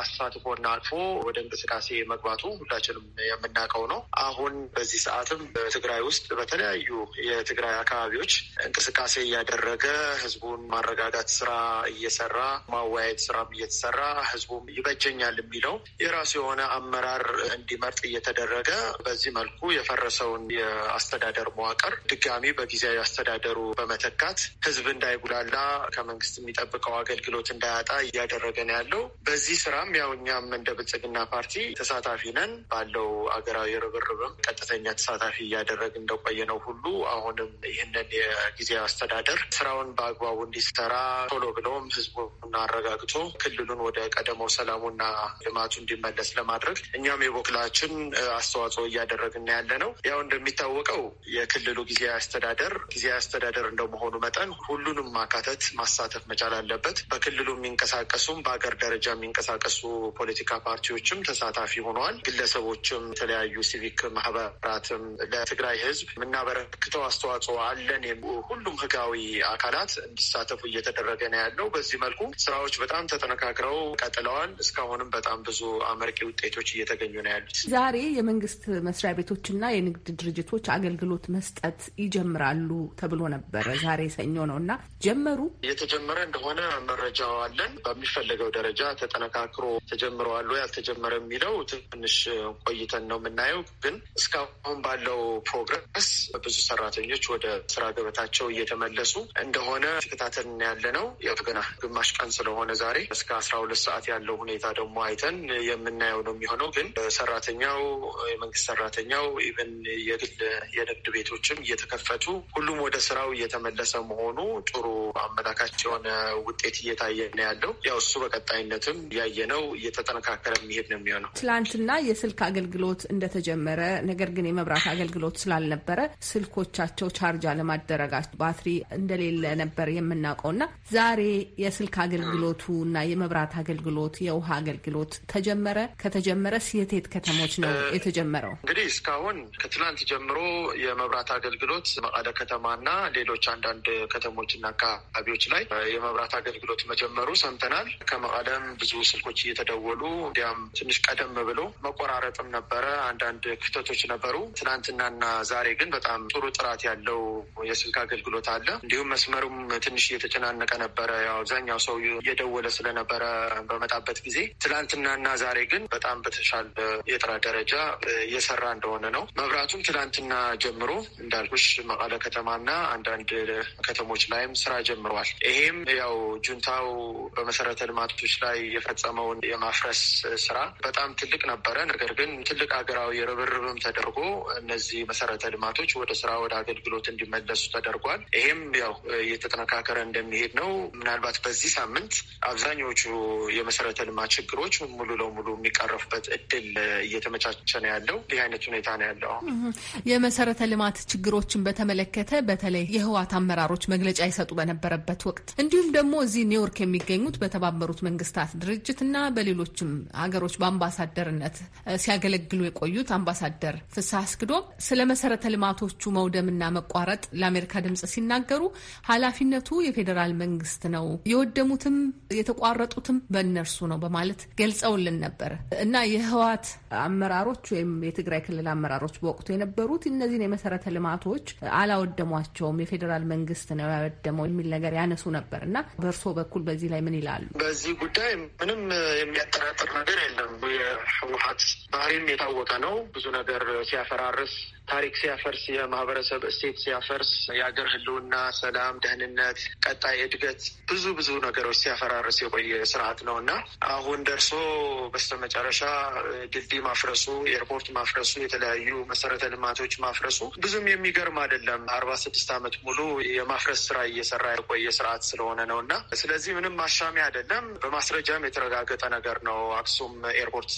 አሳትፎና አልፎ ወደ እንቅስቃሴ መግባቱ ሁላችንም የምናውቀው ነው። አሁን በዚህ ሰዓትም በትግራይ ውስጥ በተለያዩ የትግራይ አካባቢዎች እንቅስቃሴ እያደረገ ህዝቡን ማረጋጋት ስራ እየሰራ ማወያየት ስራም እየተሰራ ህዝቡም ይበጀኛል የሚለው የራሱ የሆነ አመራር እንዲመርጥ እየተደረገ በዚህ መልኩ የፈረሰውን የአስተዳደር መዋቅር ድጋሚ በጊዜያዊ አስተዳደሩ በመተካት ህዝብ እንዳይጉላላ ከመንግስት የሚጠብቀው አገልግሎት እንዳያጣ እያደረገ ነው ያለው። በዚህ ስራም ያው እኛም እንደ ብልጽግና ፓርቲ ተሳታፊ ነን። ባለው አገራዊ ርብርብም ቀጥተኛ ተሳታፊ እያደረግ እንደቆየ ነው ሁሉ አሁንም ይህንን የጊዜ አስተዳደር ስራውን በአግባቡ እንዲሰራ ቶሎ ብለውም ህዝቡን አረጋግቶ ክልሉን ወደ ቀደመው ሰላሙና ልማቱ እንዲመለስ ለማድረግ እኛም የበኩላችን አስተዋጽኦ እያደረግን ያለ ነው። ያው እንደሚታወቀው የክልሉ ጊዜ አስተዳደር ጊዜ አስተዳደር እንደመሆኑ መጠን ሁሉንም ማካተት ማሳተፍ መቻል አለበት። በክልሉ የሚንቀሳቀሱም በሀገር ደረጃ የሚንቀሳቀሱ ፖለቲካ ፓርቲዎችም ተሳታፊ ሆነዋል። ግለሰቦችም የተለያዩ ሲቪክ ማህበራትም ለትግራይ ህዝብ የምናበረክተው አስተዋጽኦ አለን። ሁሉም ህጋዊ አካላት እንዲሳተፉ እየተደረገ ነው ያለው። በዚህ መልኩ ስራዎች በጣም ተጠነካክረው ቀጥለዋል። እስካሁንም በጣም ብዙ አመርቂ ውጤቶች እየተገኙ ነው ያሉት። ዛሬ የመንግስት መስሪያ ቤቶችና የንግድ ድርጅቶች አገልግሎት መስጠት ይጀምራሉ ተብሎ ነበረ። ዛሬ ሰኞ ነው እና ጀመሩ እየተጀመረ እንደሆነ መረጃው አለን። በሚፈለገው ደረጃ ተጠነካክሮ ተጀምረዋል አልተጀመረ የሚለው ትንሽ ቆይተን ነው የምናየው። ግን እስካሁን ባለው ፕሮግረስ ብዙ ሰራተኞች ወደ ስራ ገበታቸው እየተመለሱ እንደሆነ ተከታተል ያለ ነው። ያው ገና ግማሽ ቀን ስለሆነ ዛሬ እስከ አስራ ሁለት ሰዓት ያለው ሁኔታ ደግሞ አይተን የምናየው ነው የሚሆነው። ግን ሰራተኛው፣ የመንግስት ሰራተኛው፣ ኢቨን የግል የንግድ ቤቶችም እየተከፈቱ ሁሉም ወደ ስራው እየተመለሰ መሆኑ ጥሩ አመላካች የሆነ ውጤት እየታየ ነው ያለው። ያው እሱ በቀጣይነትም ያየ ነው እየተጠነካከረ የሚሄድ ነው የሚሆነው። ትላንትና የስልክ አገልግሎት እንደተጀመረ ነገር ግን የመብራት አገልግሎት ስላልነበረ ስልኮቻቸው ቻርጅ አለማደረጋቸው ባትሪ እንደሌለ ነበር የምናውቀው እና ዛሬ የስልክ አገልግሎቱ እና የመብራት አገልግሎት የውሃ አገልግሎት ተጀመረ። ከተጀመረ ሲየቴት ከተሞች ነው የተጀመረው? እንግዲህ እስካሁን ከትናንት ጀምሮ የመብራት አገልግሎት መቀለ ከተማና ሌሎች አንዳንድ ከተሞችና አካባቢዎች ላይ የመብራት አገልግሎት መጀመሩ ሰምተናል። ከመቀለም ብዙ ስልኮች እየተደወሉ እንዲያም ትንሽ ቀደም ብሎ መቆራረጥም ነበረ፣ አንዳንድ ክፍተቶች ነበሩ። ትናንትናና ዛሬ ግን በጣም ጥሩ ጥራት ያለው የስልክ አገልግሎት አለ። እንዲሁም መስመሩም ትንሽ እየተጨናነቀ ነበረ፣ ያው አብዛኛው ሰው እየደወለ ስለነበረ በመጣበት ጊዜ። ትናንትናና ዛሬ ግን በጣም በተሻለ የጥራት ደረጃ እየሰራ እንደሆነ ነው። መብራቱም ትናንትና ጀምሮ እንዳልኩሽ መቀለ ከተማና አንዳንድ ከተሞች ላይም ስራ ጀምረዋል። ይሄም ያው ጁንታው በመሰረተ ልማቶች ላይ የፈጸመውን የማፍረስ ስራ በጣም ትልቅ ነበር። ነበረ። ነገር ግን ትልቅ ሀገራዊ ርብርብም ተደርጎ እነዚህ መሰረተ ልማቶች ወደ ስራ ወደ አገልግሎት እንዲመለሱ ተደርጓል። ይሄም ያው እየተጠነካከረ እንደሚሄድ ነው። ምናልባት በዚህ ሳምንት አብዛኞቹ የመሰረተ ልማት ችግሮች ሙሉ ለሙሉ የሚቀረፉበት እድል እየተመቻቸ ነው ያለው። ይህ አይነት ሁኔታ ነው ያለው። የመሰረተ ልማት ችግሮችን በተመለከተ በተለይ የህወሓት አመራሮች መግለጫ ይሰጡ በነበረበት ወቅት እንዲሁም ደግሞ እዚህ ኒውዮርክ የሚገኙት በተባበሩት መንግስታት ድርጅት እና በሌሎችም ሀገሮች በአምባሳደርነት ሲያገለግሉ የቆዩት አምባሳደር ፍስሐ አስክዶም ስለ መሰረተ ልማቶቹ መውደምና መቋረጥ ለአሜሪካ ድምጽ ሲናገሩ ኃላፊነቱ የፌዴራል መንግስት ነው፣ የወደሙትም የተቋረጡትም በእነርሱ ነው በማለት ገልጸውልን ነበር እና የህወሓት አመራሮች ወይም የትግራይ ክልል አመራሮች በወቅቱ የነበሩት እነዚህን የመሰረተ ልማቶች አላወደሟቸውም፣ የፌዴራል መንግስት ነው ያወደመው የሚል ነገር ያነሱ ነበር እና በእርስዎ በኩል በዚህ ላይ ምን ይላሉ? በዚህ ጉዳይ ምንም የሚያጠራጥር ነገር የለም። የህወሓት ባህሪም የታወቀ ነው። ብዙ ነገር ሲያፈራርስ ታሪክ ሲያፈርስ፣ የማህበረሰብ እሴት ሲያፈርስ፣ የአገር ህልውና፣ ሰላም፣ ደህንነት፣ ቀጣይ እድገት ብዙ ብዙ ነገሮች ሲያፈራርስ የቆየ ስርዓት ነው እና አሁን ደርሶ በስተመጨረሻ ድልድይ ማፍረሱ፣ ኤርፖርት ማፍረሱ፣ የተለያዩ መሰረተ ልማቶች ማፍረሱ ብዙም የሚገርም አይደለም። አርባ ስድስት ዓመት ሙሉ የማፍረስ ስራ እየሰራ የቆየ ስርዓት ስለሆነ ነው እና ስለዚህ ምንም ማሻሚ አይደለም። በማስረጃም የተረጋገጠ ነገር ነው። አክሱም ኤርፖርት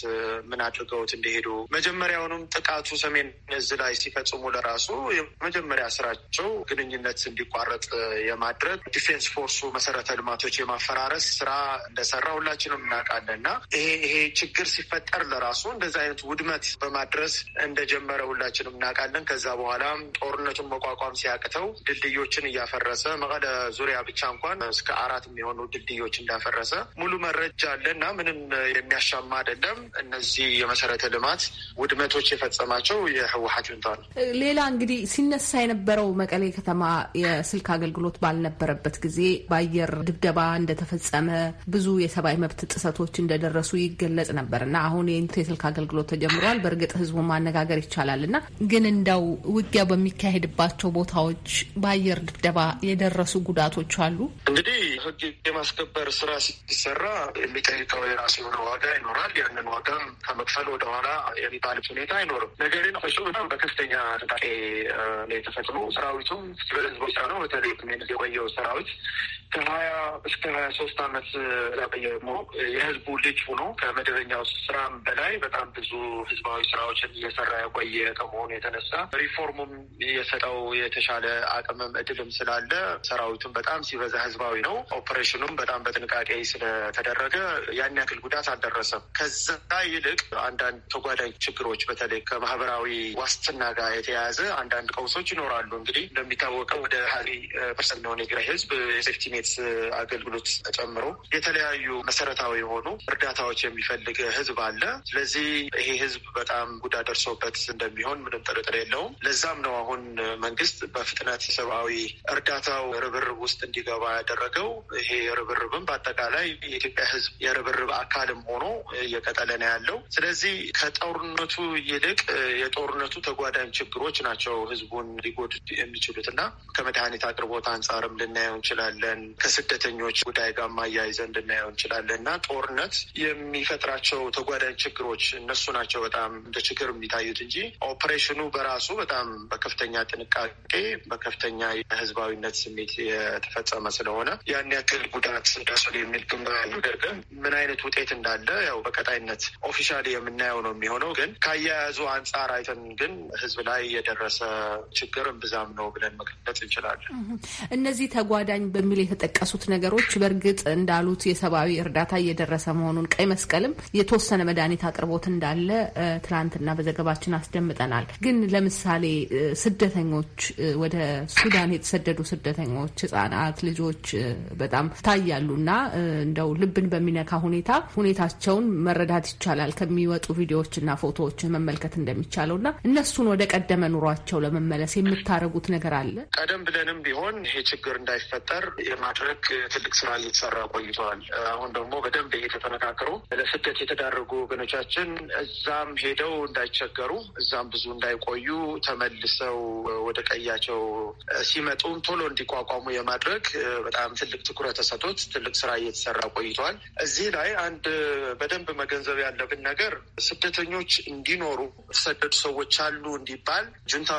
ምን አድርገውት እንደሄዱ መጀመሪያውንም ጥቃቱ ሰሜን እዝ ላይ ሲፈጽሙ ለራሱ የመጀመሪያ ስራቸው ግንኙነት እንዲቋረጥ የማድረግ ዲፌንስ ፎርሱ መሰረተ ልማቶች የማፈራረስ ስራ እንደሰራ ሁላችንም እናውቃለን እና ይሄ ይሄ ችግር ሲፈጠር ለራሱ እንደዚ አይነት ውድመት በማድረስ እንደጀመረ ሁላችንም እናውቃለን። ከዛ በኋላ ጦርነቱን መቋቋም ሲያቅተው ድልድዮችን እያፈረሰ መቀለ ዙሪያ ብቻ እንኳን እስከ አራት የሚሆኑ ድልድዮች እንዳፈረሰ ሙሉ መረጃ አለ እና ምንም የሚያሻማ አይደለም። እነዚህ የመሰረተ ልማት ውድመቶች የፈጸማቸው የህወሀት ተነስተዋል። ሌላ እንግዲህ ሲነሳ የነበረው መቀሌ ከተማ የስልክ አገልግሎት ባልነበረበት ጊዜ በአየር ድብደባ እንደተፈጸመ ብዙ የሰብአዊ መብት ጥሰቶች እንደደረሱ ይገለጽ ነበር እና አሁን የስልክ አገልግሎት ተጀምሯል። በእርግጥ ህዝቡ ማነጋገር ይቻላል እና ግን እንዳው ውጊያ በሚካሄድባቸው ቦታዎች በአየር ድብደባ የደረሱ ጉዳቶች አሉ። እንግዲህ ህግ የማስከበር ስራ ሲሰራ የሚጠይቀው የራሱ የሆነ ዋጋ ይኖራል። ያንን ዋጋም ከመክፈል ወደኋላ የሚባል ሁኔታ አይኖርም። ነገርን በጣም በከፍ ከፍተኛ ትንታቄ ላይ ተፈጽሞ ሰራዊቱም በህዝቦች ነው በተለይ የቆየው ሰራዊት ከሀያ እስከ ሀያ ሶስት አመት ደግሞ የህዝቡ ልጅ ሆኖ ከመደበኛው ስራም በላይ በጣም ብዙ ህዝባዊ ስራዎችን እየሰራ ያቆየ ከመሆኑ የተነሳ ሪፎርሙም የሰጠው የተሻለ አቅምም እድልም ስላለ ሰራዊቱም በጣም ሲበዛ ህዝባዊ ነው። ኦፕሬሽኑም በጣም በጥንቃቄ ስለተደረገ ያን ያክል ጉዳት አልደረሰም። ከዛ ይልቅ አንዳንድ ተጓዳኝ ችግሮች በተለይ ከማህበራዊ ዋስትና ጋር የተያያዘ አንዳንድ ቀውሶች ይኖራሉ። እንግዲህ እንደሚታወቀው ወደ ሀሪ ፐርሰንት የሆነ የትግራይ ህዝብ የሴፍቲ የኢንተርኔት አገልግሎት ጨምሮ የተለያዩ መሰረታዊ የሆኑ እርዳታዎች የሚፈልግ ህዝብ አለ። ስለዚህ ይሄ ህዝብ በጣም ጉዳ ደርሶበት እንደሚሆን ምንም ጥርጥር የለውም። ለዛም ነው አሁን መንግስት በፍጥነት ሰብአዊ እርዳታው ርብርብ ውስጥ እንዲገባ ያደረገው። ይሄ ርብርብም በአጠቃላይ የኢትዮጵያ ህዝብ የርብርብ አካልም ሆኖ እየቀጠለ ነው ያለው። ስለዚህ ከጦርነቱ ይልቅ የጦርነቱ ተጓዳኝ ችግሮች ናቸው ህዝቡን ሊጎድ የሚችሉት እና ከመድኃኒት አቅርቦት አንጻርም ልናየው እንችላለን። ከስደተኞች ጉዳይ ጋር ማያይዘን ልናየው እንችላለን እና ጦርነት የሚፈጥራቸው ተጓዳኝ ችግሮች እነሱ ናቸው በጣም እንደ ችግር የሚታዩት እንጂ ኦፕሬሽኑ በራሱ በጣም በከፍተኛ ጥንቃቄ በከፍተኛ የህዝባዊነት ስሜት የተፈጸመ ስለሆነ ያን ያክል ጉዳት ደርሷል የሚል ግምት ነገር ግን ምን አይነት ውጤት እንዳለ ያው በቀጣይነት ኦፊሻል የምናየው ነው የሚሆነው። ግን ከአያያዙ አንጻር አይተን ግን ህዝብ ላይ የደረሰ ችግር እምብዛም ነው ብለን መግለጽ እንችላለን። እነዚህ ተጓዳኝ በሚል የተጠቀሱት ነገሮች በእርግጥ እንዳሉት የሰብአዊ እርዳታ እየደረሰ መሆኑን ቀይ መስቀልም የተወሰነ መድኃኒት አቅርቦት እንዳለ ትናንትና በዘገባችን አስደምጠናል። ግን ለምሳሌ ስደተኞች ወደ ሱዳን የተሰደዱ ስደተኞች፣ ህጻናት፣ ልጆች በጣም ታያሉ እና እንደው ልብን በሚነካ ሁኔታ ሁኔታቸውን መረዳት ይቻላል ከሚወጡ ቪዲዮዎችና ፎቶዎች መመልከት እንደሚቻለው እና እነሱን ወደ ቀደመ ኑሯቸው ለመመለስ የምታደርጉት ነገር አለ። ቀደም ብለንም ቢሆን ይሄ ችግር እንዳይፈጠር ለማድረግ ትልቅ ስራ እየተሰራ ቆይተዋል። አሁን ደግሞ በደንብ ይሄ ለስደት የተዳረጉ ወገኖቻችን እዛም ሄደው እንዳይቸገሩ፣ እዛም ብዙ እንዳይቆዩ ተመልሰው ወደ ቀያቸው ሲመጡም ቶሎ እንዲቋቋሙ የማድረግ በጣም ትልቅ ትኩረት ተሰጥቶት ትልቅ ስራ እየተሰራ ቆይተዋል። እዚህ ላይ አንድ በደንብ መገንዘብ ያለብን ነገር ስደተኞች እንዲኖሩ የተሰደዱ ሰዎች አሉ እንዲባል ጁንታ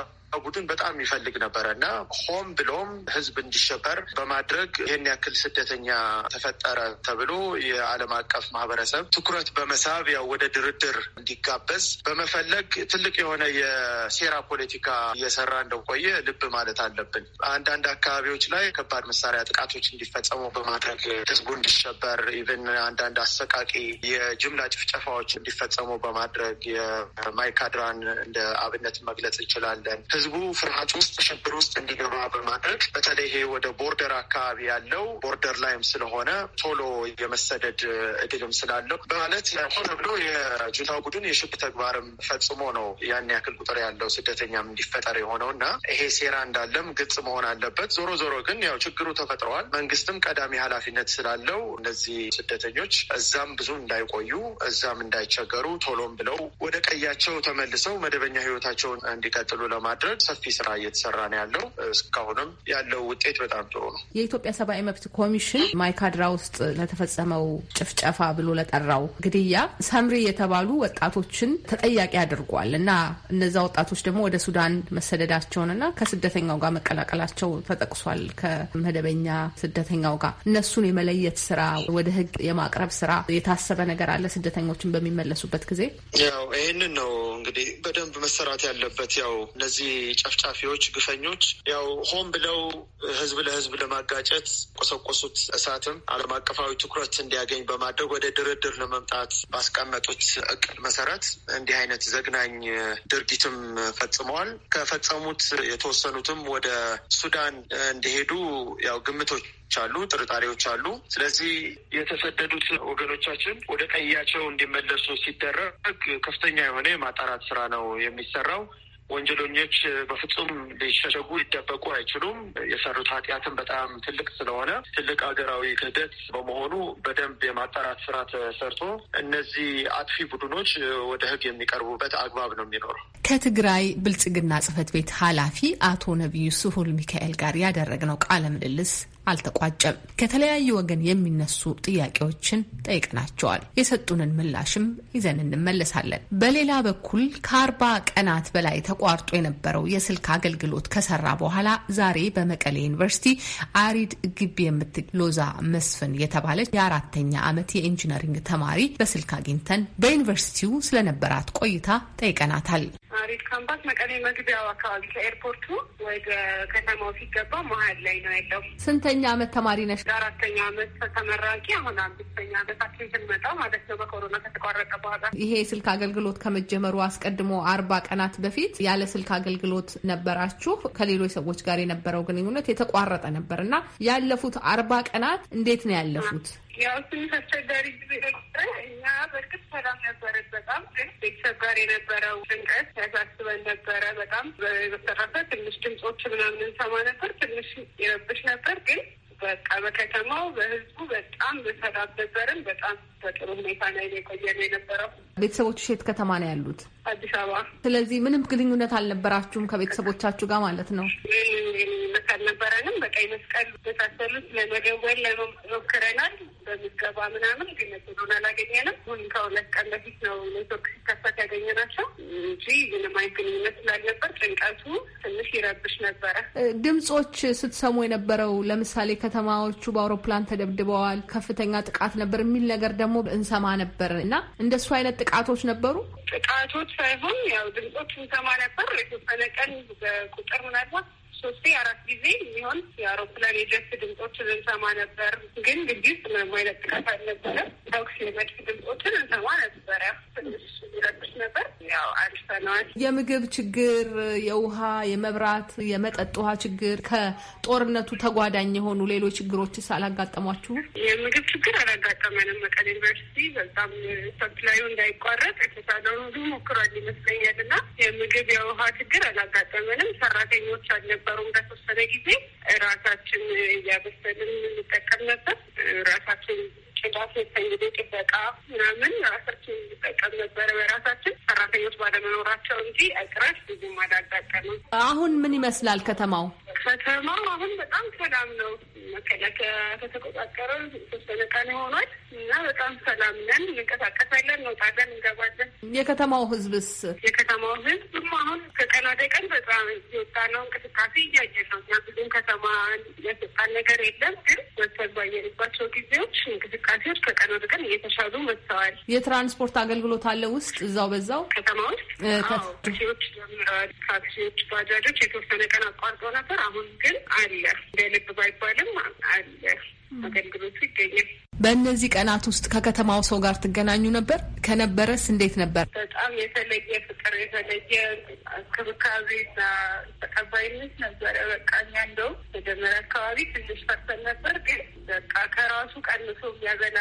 ቡድን በጣም ይፈልግ ነበረ እና ሆም ብሎም ህዝብ እንዲሸበር በማድረግ ይህን ያክል ስደተኛ ተፈጠረ ተብሎ የዓለም አቀፍ ማህበረሰብ ትኩረት በመሳብ ያው ወደ ድርድር እንዲጋበዝ በመፈለግ ትልቅ የሆነ የሴራ ፖለቲካ እየሰራ እንደቆየ ልብ ማለት አለብን። አንዳንድ አካባቢዎች ላይ ከባድ መሳሪያ ጥቃቶች እንዲፈጸሙ በማድረግ ህዝቡ እንዲሸበር ኢቨን አንዳንድ አሰቃቂ የጅምላ ጭፍጨፋዎች እንዲፈጸሙ በማድረግ የማይካድራን እንደ አብነት መግለጽ እንችላለን። ህዝቡ ፍርሃት ውስጥ ሽብር ውስጥ እንዲገባ በማድረግ በተለይ ይሄ ወደ ቦርደር አካባቢ ያለው ቦርደር ላይም ስለሆነ ቶሎ የመሰደድ እድልም ስላለው በማለት ሆነ ብሎ የጁንታው ቡድን የሽብር ተግባርም ፈጽሞ ነው ያን ያክል ቁጥር ያለው ስደተኛም እንዲፈጠር የሆነው እና ይሄ ሴራ እንዳለም ግልጽ መሆን አለበት። ዞሮ ዞሮ ግን ያው ችግሩ ተፈጥረዋል። መንግስትም ቀዳሚ ኃላፊነት ስላለው እነዚህ ስደተኞች እዛም ብዙ እንዳይቆዩ እዛም እንዳይቸገሩ ቶሎም ብለው ወደ ቀያቸው ተመልሰው መደበኛ ህይወታቸውን እንዲቀጥሉ ለማድረግ ለማድረግ ሰፊ ስራ እየተሰራ ነው ያለው። እስካሁንም ያለው ውጤት በጣም ጥሩ ነው። የኢትዮጵያ ሰብአዊ መብት ኮሚሽን ማይካድራ ውስጥ ለተፈጸመው ጭፍጨፋ ብሎ ለጠራው ግድያ ሰምሪ የተባሉ ወጣቶችን ተጠያቂ አድርጓል እና እነዛ ወጣቶች ደግሞ ወደ ሱዳን መሰደዳቸውን እና ከስደተኛው ጋር መቀላቀላቸው ተጠቅሷል። ከመደበኛ ስደተኛው ጋር እነሱን የመለየት ስራ ወደ ህግ የማቅረብ ስራ የታሰበ ነገር አለ። ስደተኞችን በሚመለሱበት ጊዜ ያው ይህንን ነው እንግዲህ በደንብ መሰራት ያለበት ያው እነዚህ ጨፍጫፊዎች፣ ግፈኞች ያው ሆን ብለው ህዝብ ለህዝብ ለማጋጨት ቆሰቆሱት እሳትም ዓለም አቀፋዊ ትኩረት እንዲያገኝ በማድረግ ወደ ድርድር ለመምጣት ባስቀመጡት እቅድ መሰረት እንዲህ አይነት ዘግናኝ ድርጊትም ፈጽመዋል። ከፈጸሙት የተወሰኑትም ወደ ሱዳን እንደሄዱ ያው ግምቶች አሉ፣ ጥርጣሬዎች አሉ። ስለዚህ የተሰደዱት ወገኖቻችን ወደ ቀያቸው እንዲመለሱ ሲደረግ ከፍተኛ የሆነ የማጣራት ስራ ነው የሚሰራው። ወንጀለኞች በፍጹም ሊሸሸጉ ሊደበቁ አይችሉም። የሰሩት ኃጢአትም በጣም ትልቅ ስለሆነ ትልቅ ሀገራዊ ክህደት በመሆኑ በደንብ የማጣራት ስራ ተሰርቶ እነዚህ አጥፊ ቡድኖች ወደ ህግ የሚቀርቡበት አግባብ ነው የሚኖረው። ከትግራይ ብልጽግና ጽህፈት ቤት ኃላፊ አቶ ነቢዩ ስሁል ሚካኤል ጋር ያደረግነው ቃለ ምልልስ አልተቋጨም። ከተለያዩ ወገን የሚነሱ ጥያቄዎችን ጠይቅናቸዋል። የሰጡንን ምላሽም ይዘን እንመለሳለን። በሌላ በኩል ከአርባ ቀናት በላይ ተቋርጦ የነበረው የስልክ አገልግሎት ከሰራ በኋላ ዛሬ በመቀሌ ዩኒቨርሲቲ አሪድ ግቢ የምትገኝ ሎዛ መስፍን የተባለች የአራተኛ ዓመት የኢንጂነሪንግ ተማሪ በስልክ አግኝተን በዩኒቨርሲቲው ስለነበራት ቆይታ ጠይቀናታል። አሪፍ ካምፓስ መቀሌ መግቢያው አካባቢ ከኤርፖርቱ ወደ ከተማው ሲገባ መሀል ላይ ነው ያለው። ስንተኛ አመት ተማሪ ነሽ? አራተኛ አመት ተመራቂ፣ አሁን አምስተኛ አመታችን ስንመጣ ማለት ነው በኮሮና ከተቋረጠ በኋላ። ይሄ ስልክ አገልግሎት ከመጀመሩ አስቀድሞ አርባ ቀናት በፊት ያለ ስልክ አገልግሎት ነበራችሁ። ከሌሎች ሰዎች ጋር የነበረው ግንኙነት የተቋረጠ ነበር እና ያለፉት አርባ ቀናት እንዴት ነው ያለፉት? ያው ትንሽ አስቸጋሪ ጊዜ ነበረ። እኛ በእርግጥ ሰላም ነበረ። በጣም ግን ቤተሰብ ጋር የነበረው ጭንቀት ያሳስበን ነበረ በጣም በተረፈ ትንሽ ድምፆች ምናምን እንሰማ ነበር። ትንሽ ይረብሽ ነበር ግን በቃ በከተማው በህዝቡ በጣም በሰላም ነበርን። በጣም በጥሩ ሁኔታ ላይ የቆየ ነው የነበረው። ቤተሰቦቹ የት ከተማ ነው ያሉት? አዲስ አበባ። ስለዚህ ምንም ግንኙነት አልነበራችሁም ከቤተሰቦቻችሁ ጋር ማለት ነው? አልነበረንም። በቀይ መስቀል መሳሰሉት ለመደወል ሞክረናል። በምዝገባ ምናምን ግን እድሉን አላገኘንም። ሁን ከሁለት ቀን በፊት ነው ኔትወርክ ሲከፈት ናቸው እንጂ ምንም አይነት ግንኙነት ስላልነበር ጭንቀቱ ትንሽ ይረብሽ ነበረ። ድምጾች ስትሰሙ የነበረው ለምሳሌ ከተማዎቹ በአውሮፕላን ተደብድበዋል፣ ከፍተኛ ጥቃት ነበር የሚል ነገር ደግሞ እንሰማ ነበር እና እንደሱ አይነት ጥቃቶች ነበሩ። ጥቃቶች ሳይሆን ያው ድምጾች እንሰማ ነበር የተወሰነ ቀን በቁጥር ምናልባት ሶስቴ አራት ጊዜ የሚሆን የአውሮፕላን የጀት ድምጾች እንሰማ ነበር። ግን ግቢ ውስጥ ምንም አይነት ጥቃት አልነበረም። ተኩስ የመድፍ ድምጾችን እንሰማ ነበረ። ትንሽ ይረብሽ ነበር። ያው አልፈነዋል። የምግብ ችግር፣ የውሃ፣ የመብራት፣ የመጠጥ ውሃ ችግር ከጦርነቱ ተጓዳኝ የሆኑ ሌሎች ችግሮችስ አላጋጠሟችሁ? የምግብ ችግር አላጋጠመንም። መቀሌ ዩኒቨርሲቲ በጣም ሰፕላዩ እንዳይቋረጥ የተሳደሩ ሞክሯል ይመስለኛል እና የምግብ የውሃ ችግር አላጋጠመንም። ሰራተኞች አልነበ ከንፈሩን በተወሰነ ጊዜ ራሳችን እያበሰልን እንጠቀም ነበር። ራሳችን ጭዳት የተንግዴ ጥበቃ ምናምን ራሳችን እንጠቀም ነበረ። በራሳችን ሰራተኞች ባለመኖራቸው እንጂ እጥረት ብዙም አላጋጠመም። አሁን ምን ይመስላል ከተማው? ከተማው አሁን በጣም ሰላም ነው። መከላከያ ከተቆጣጠረ የተወሰነ ቀን ሆኗል እና በጣም ሰላም ነን። እንንቀሳቀሳለን፣ እንወጣለን፣ እንገባለን። የከተማው ህዝብስ? የከተማው ህዝብም አሁን ከቀን ወደ ቀን በጣም የወጣ ነው። እንቅስቃሴ እያየ ነው። ብዙም ከተማ ያስወጣን ነገር የለም ግን በተጓየንባቸው ጊዜዎች እንቅስቃሴዎች ከቀን ወደ ቀን እየተሻሉ መጥተዋል። የትራንስፖርት አገልግሎት አለ ውስጥ እዛው በዛው ከተማ ውስጥ ታክሲዎች ጀምረዋል። ታክሲዎች፣ ባጃጆች የተወሰነ ቀን አቋርጦ ነበር። አሁን ግን አለ፣ እንደ ልብ ባይባልም አለ፣ አገልግሎቱ ይገኛል። በእነዚህ ቀናት ውስጥ ከከተማው ሰው ጋር ትገናኙ ነበር? ከነበረስ እንዴት ነበር? በጣም የተለየ ፍቅር፣ የተለየ ክብካቤና ተቀባይነት ነበረ። በቃ እኛ እንደውም መጀመሪያ አካባቢ ትንሽ ፈርተን ነበር፣ ግን በቃ ከራሱ ቀንሶ የሚያገና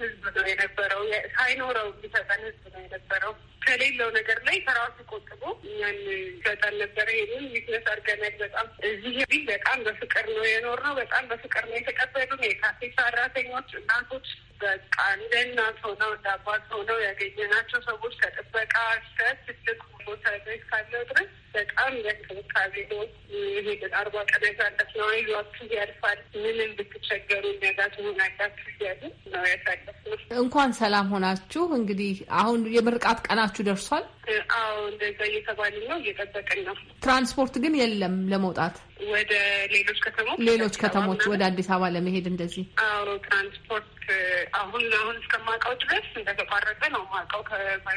ህዝብ ነው የነበረው። ሳይኖረው የሚሰጠን ህዝብ ነው የነበረው። ከሌለው ነገር ላይ ከራሱ ቆጥቦ እኛን ይሰጠን ነበረ። ይህንን ዊትነስ አድርገናል። በጣም እዚህ በጣም በፍቅር ነው የኖር ነው በጣም በፍቅር ነው የተቀበሉን የካፌ ሰራተኞች ባንኮች በቃ እንደ እናት ሆነው እንደ አባት ሆነው ያገኘናቸው ሰዎች ከጥበቃ እስከ ትልቅ ቦታ ላይ ካለው ድረስ በጣም በእንክብካቤ ነው ይሄድን። አርባ ቀን ያሳለፍ ነው። አይዟችሁ ያልፋል፣ ምንም ብትቸገሩ ነጋት ሆን አላችሁ እያሉ ነው ያሳለፍ ነው። እንኳን ሰላም ሆናችሁ። እንግዲህ አሁን የምርቃት ቀናችሁ ደርሷል። አዎ እንደዛ እየተባለ ነው፣ እየጠበቅን ነው። ትራንስፖርት ግን የለም ለመውጣት ወደ ሌሎች ከተሞች ሌሎች ከተሞች ወደ አዲስ አበባ ለመሄድ እንደዚህ። አዎ ትራንስፖርት አሁን አሁን እስከማውቀው ድረስ እንደተቋረጠ ነው ማውቀው።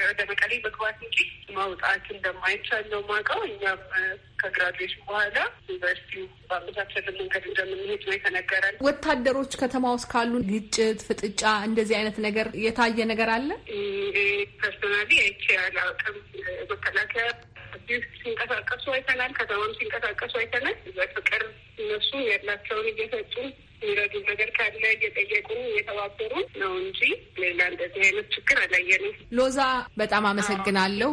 ወደ መቀሌ መግባት እንጂ መውጣት እንደማይቻል ነው ማውቀው። እኛም ከግራጁዌሽን በኋላ ዩኒቨርሲቲው በአመሳሰልን መንገድ እንደምንሄድ ነው የተነገረን። ወታደሮች ከተማ ውስጥ ካሉ ግጭት፣ ፍጥጫ እንደዚህ አይነት ነገር የታየ ነገር አለ ፐርሶናሊ አይቼ አላውቅም መከላከያ ሲንቀሳቀሱ አይተናል። ከተማም ሲንቀሳቀሱ አይተናል። በፍቅር እነሱ ያላቸውን እየሰጡ የሚረዱ ነገር ካለ እየጠየቁ እየተባበሩ ነው እንጂ ሌላ እንደዚህ አይነት ችግር አላየንም። ሎዛ በጣም አመሰግናለሁ።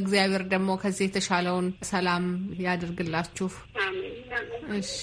እግዚአብሔር ደግሞ ከዚህ የተሻለውን ሰላም ያድርግላችሁ። እሺ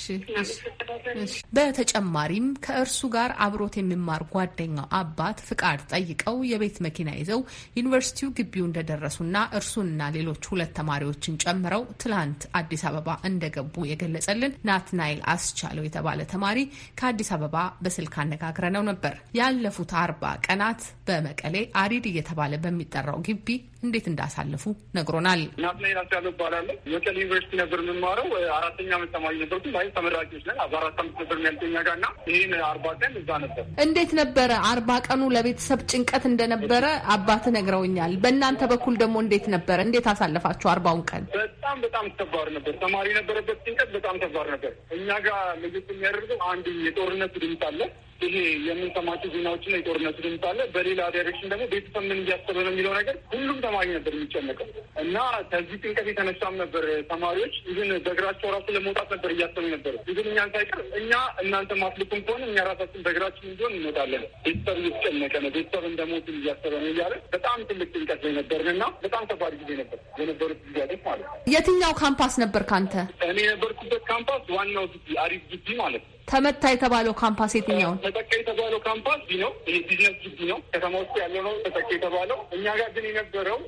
በተጨማሪም ከእርሱ ጋር አብሮት የሚማር ጓደኛው አባት ፍቃድ ጠይቀው የቤት መኪና ይዘው ዩኒቨርሲቲው ግቢው እንደደረሱና እርሱንና ሌሎች ሁለት ተማሪዎችን ጨምረው ትላንት አዲስ አበባ እንደገቡ የገለጸልን ናትናይል አስቻለው የተባለ ተማሪ ከአዲስ አበባ በስልክ አነጋግረነው ነው ነበር። ያለፉት አርባ ቀናት በመቀሌ አሪድ እየተባለ በሚጠራው ግቢ እንዴት እንዳሳለፉ ነግሮናል። ናትናይል አስቻለው እባላለሁ። መቀሌ ዩኒቨርሲቲ ነበር የምማረው። አራተኛ ዓመት ተማሪ ነበርኩ። ተመራቂዎች ነን በአራት አምስት ነበር የሚያልተኛ ጋር ና ይህን አርባ ቀን እዛ ነበር። እንዴት ነበረ አርባ ቀኑ? ለቤተሰብ ጭንቀት እንደነበረ አባት ነግረውኛል። በእናንተ በኩል ደግሞ እንዴት ነበረ? እንዴት አሳለፋችሁ አርባውን ቀን? በጣም በጣም ከባድ ነበር። ተማሪ የነበረበት ጭንቀት በጣም ከባድ ነበር። እኛ ጋር ልዩት የሚያደርገው አንድ የጦርነት ድምፅ አለ ይሄ የምንሰማቸው ዜናዎችና የጦርነቱ ድምፅ አለ። በሌላ ዳይሬክሽን ደግሞ ቤተሰብ ምን እያሰበ ነው የሚለው ነገር ሁሉም ተማሪ ነበር የሚጨነቀው እና ከዚህ ጭንቀት የተነሳም ነበር ተማሪዎች ይህን በእግራቸው ራሱ ለመውጣት ነበር እያሰቡ ነበር። ይህን እኛን ሳይቀር እኛ እናንተ ማስልኩም ከሆነ እኛ ራሳችን በእግራችን እንዲሆን እንወጣለን፣ ቤተሰብ እየተጨነቀ ነው፣ ቤተሰብ እንደሞት እያሰበ ነው እያለ በጣም ትልቅ ጭንቀት ላይ ነበርን እና በጣም ከባድ ጊዜ ነበር የነበሩት ጊዜያቶች ማለት ነው። የትኛው ካምፓስ ነበር ካንተ? እኔ የነበርኩበት ካምፓስ ዋናው ግቢ አሪፍ ግቢ ማለት ነው ተመታ የተባለው ካምፓስ የትኛው ነው? ተጠቃ የተባለው ካምፓስ ቢ ነው። ይህ ቢዝነስ ግቢ ነው። ከተማ ውስጥ ያለ ነው ተጠቃ የተባለው። እኛ ጋር ግን የነበረው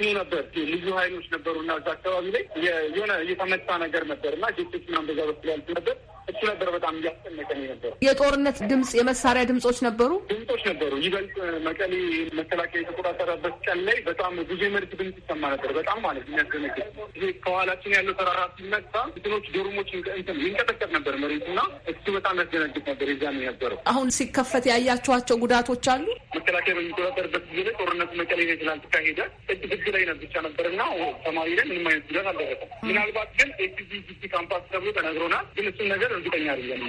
ይህ ነበር። ልዩ ኃይሎች ነበሩ እና እዛ አካባቢ ላይ የሆነ እየተመታ ነገር ነበር እና ጌቶች ምናምን በዛ በኩል ያልኩ ነበር እሱ ነበር በጣም እያስጨነቀን የነበረው። የጦርነት ድምፅ፣ የመሳሪያ ድምፆች ነበሩ ድምፆች ነበሩ። ይበልጥ መቀሌ መከላከያ የተቆጣጠረበት ቀን ላይ በጣም ብዙ የመሬት ድምፅ ይሰማ ነበር። በጣም ማለት የሚያስደነግጥ ይሄ ከኋላችን ያለው ተራራ ሲመጣ እንትኖች ዶርሞች ይንቀጠቀጥ ነበር መሬቱና እሱ በጣም ያስደነግጥ ነበር። ነው ነበረው። አሁን ሲከፈት ያያቸዋቸው ጉዳቶች አሉ። መከላከያ በሚቆጣጠርበት ጊዜ ላይ ጦርነቱ መቀሌ ላይ ስላልተካሄደ እጅ ግድ ላይ ነው ብቻ ነበርና ተማሪ ላይ ምንም አይነት ጉዳት አልደረሰም። ምናልባት ግን ኤቲቪ ካምፓስ ተብሎ ተነግሮናል። ግን እሱን ነገር እርግጠኛ አይደለም።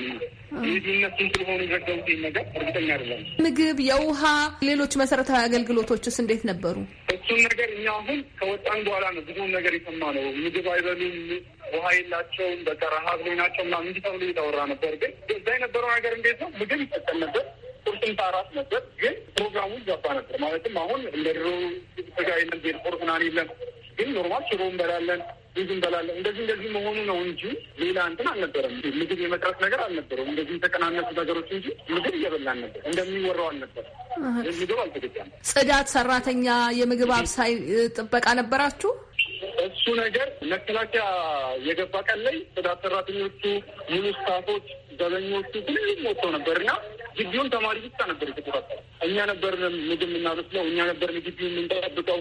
ስለሆኑ የዘገቡት ነገር እርግጠኛ አይደለም። ምግብ፣ የውሃ፣ ሌሎች መሰረታዊ አገልግሎቶችስ እንዴት ነበሩ? እሱን ነገር እኛ አሁን ከወጣን በኋላ ነው ብዙውን ነገር የሰማ ነው። ምግብ አይበሉም፣ ውሃ የላቸውም፣ በቃ ረሀብ ላይ ናቸው ምናምን እንዲህ ተብሎ የተወራ ነበር። ግን እዛ የነበረው ነገር እንዴት ነው? ምግብ ይጠቀም ነበር ቁርስም አራት ነበር። ግን ፕሮግራሙ ይዛባ ነበር ማለትም አሁን እንደ ድሮ ስጋ የለም፣ ምናምን የለም ግን ኖርማል ሽሮ እንበላለን፣ ብዙ እንበላለን። እንደዚህ እንደዚህ መሆኑ ነው እንጂ ሌላ እንትን አልነበረም። ምግብ የመቅረት ነገር አልነበረም። እንደዚህ ተቀናነሱ ነገሮች እንጂ ምግብ እየበላን ነበር። እንደሚወራው አልነበረ ምግብ አልተገጫም። ጽዳት ሰራተኛ፣ የምግብ አብሳይ፣ ጥበቃ ነበራችሁ? እሱ ነገር መከላከያ የገባ ቀን ላይ ጽዳት ሰራተኞቹ ሙሉ ስታፎች፣ ዘበኞቹ ሁሉም ወጥተው ነበርና ግቢውን ተማሪ ብቻ ነበር የተቆጣጠረ። እኛ ነበር ምግብ የምናበስለው፣ እኛ ነበር ግቢ የምንጠብቀው።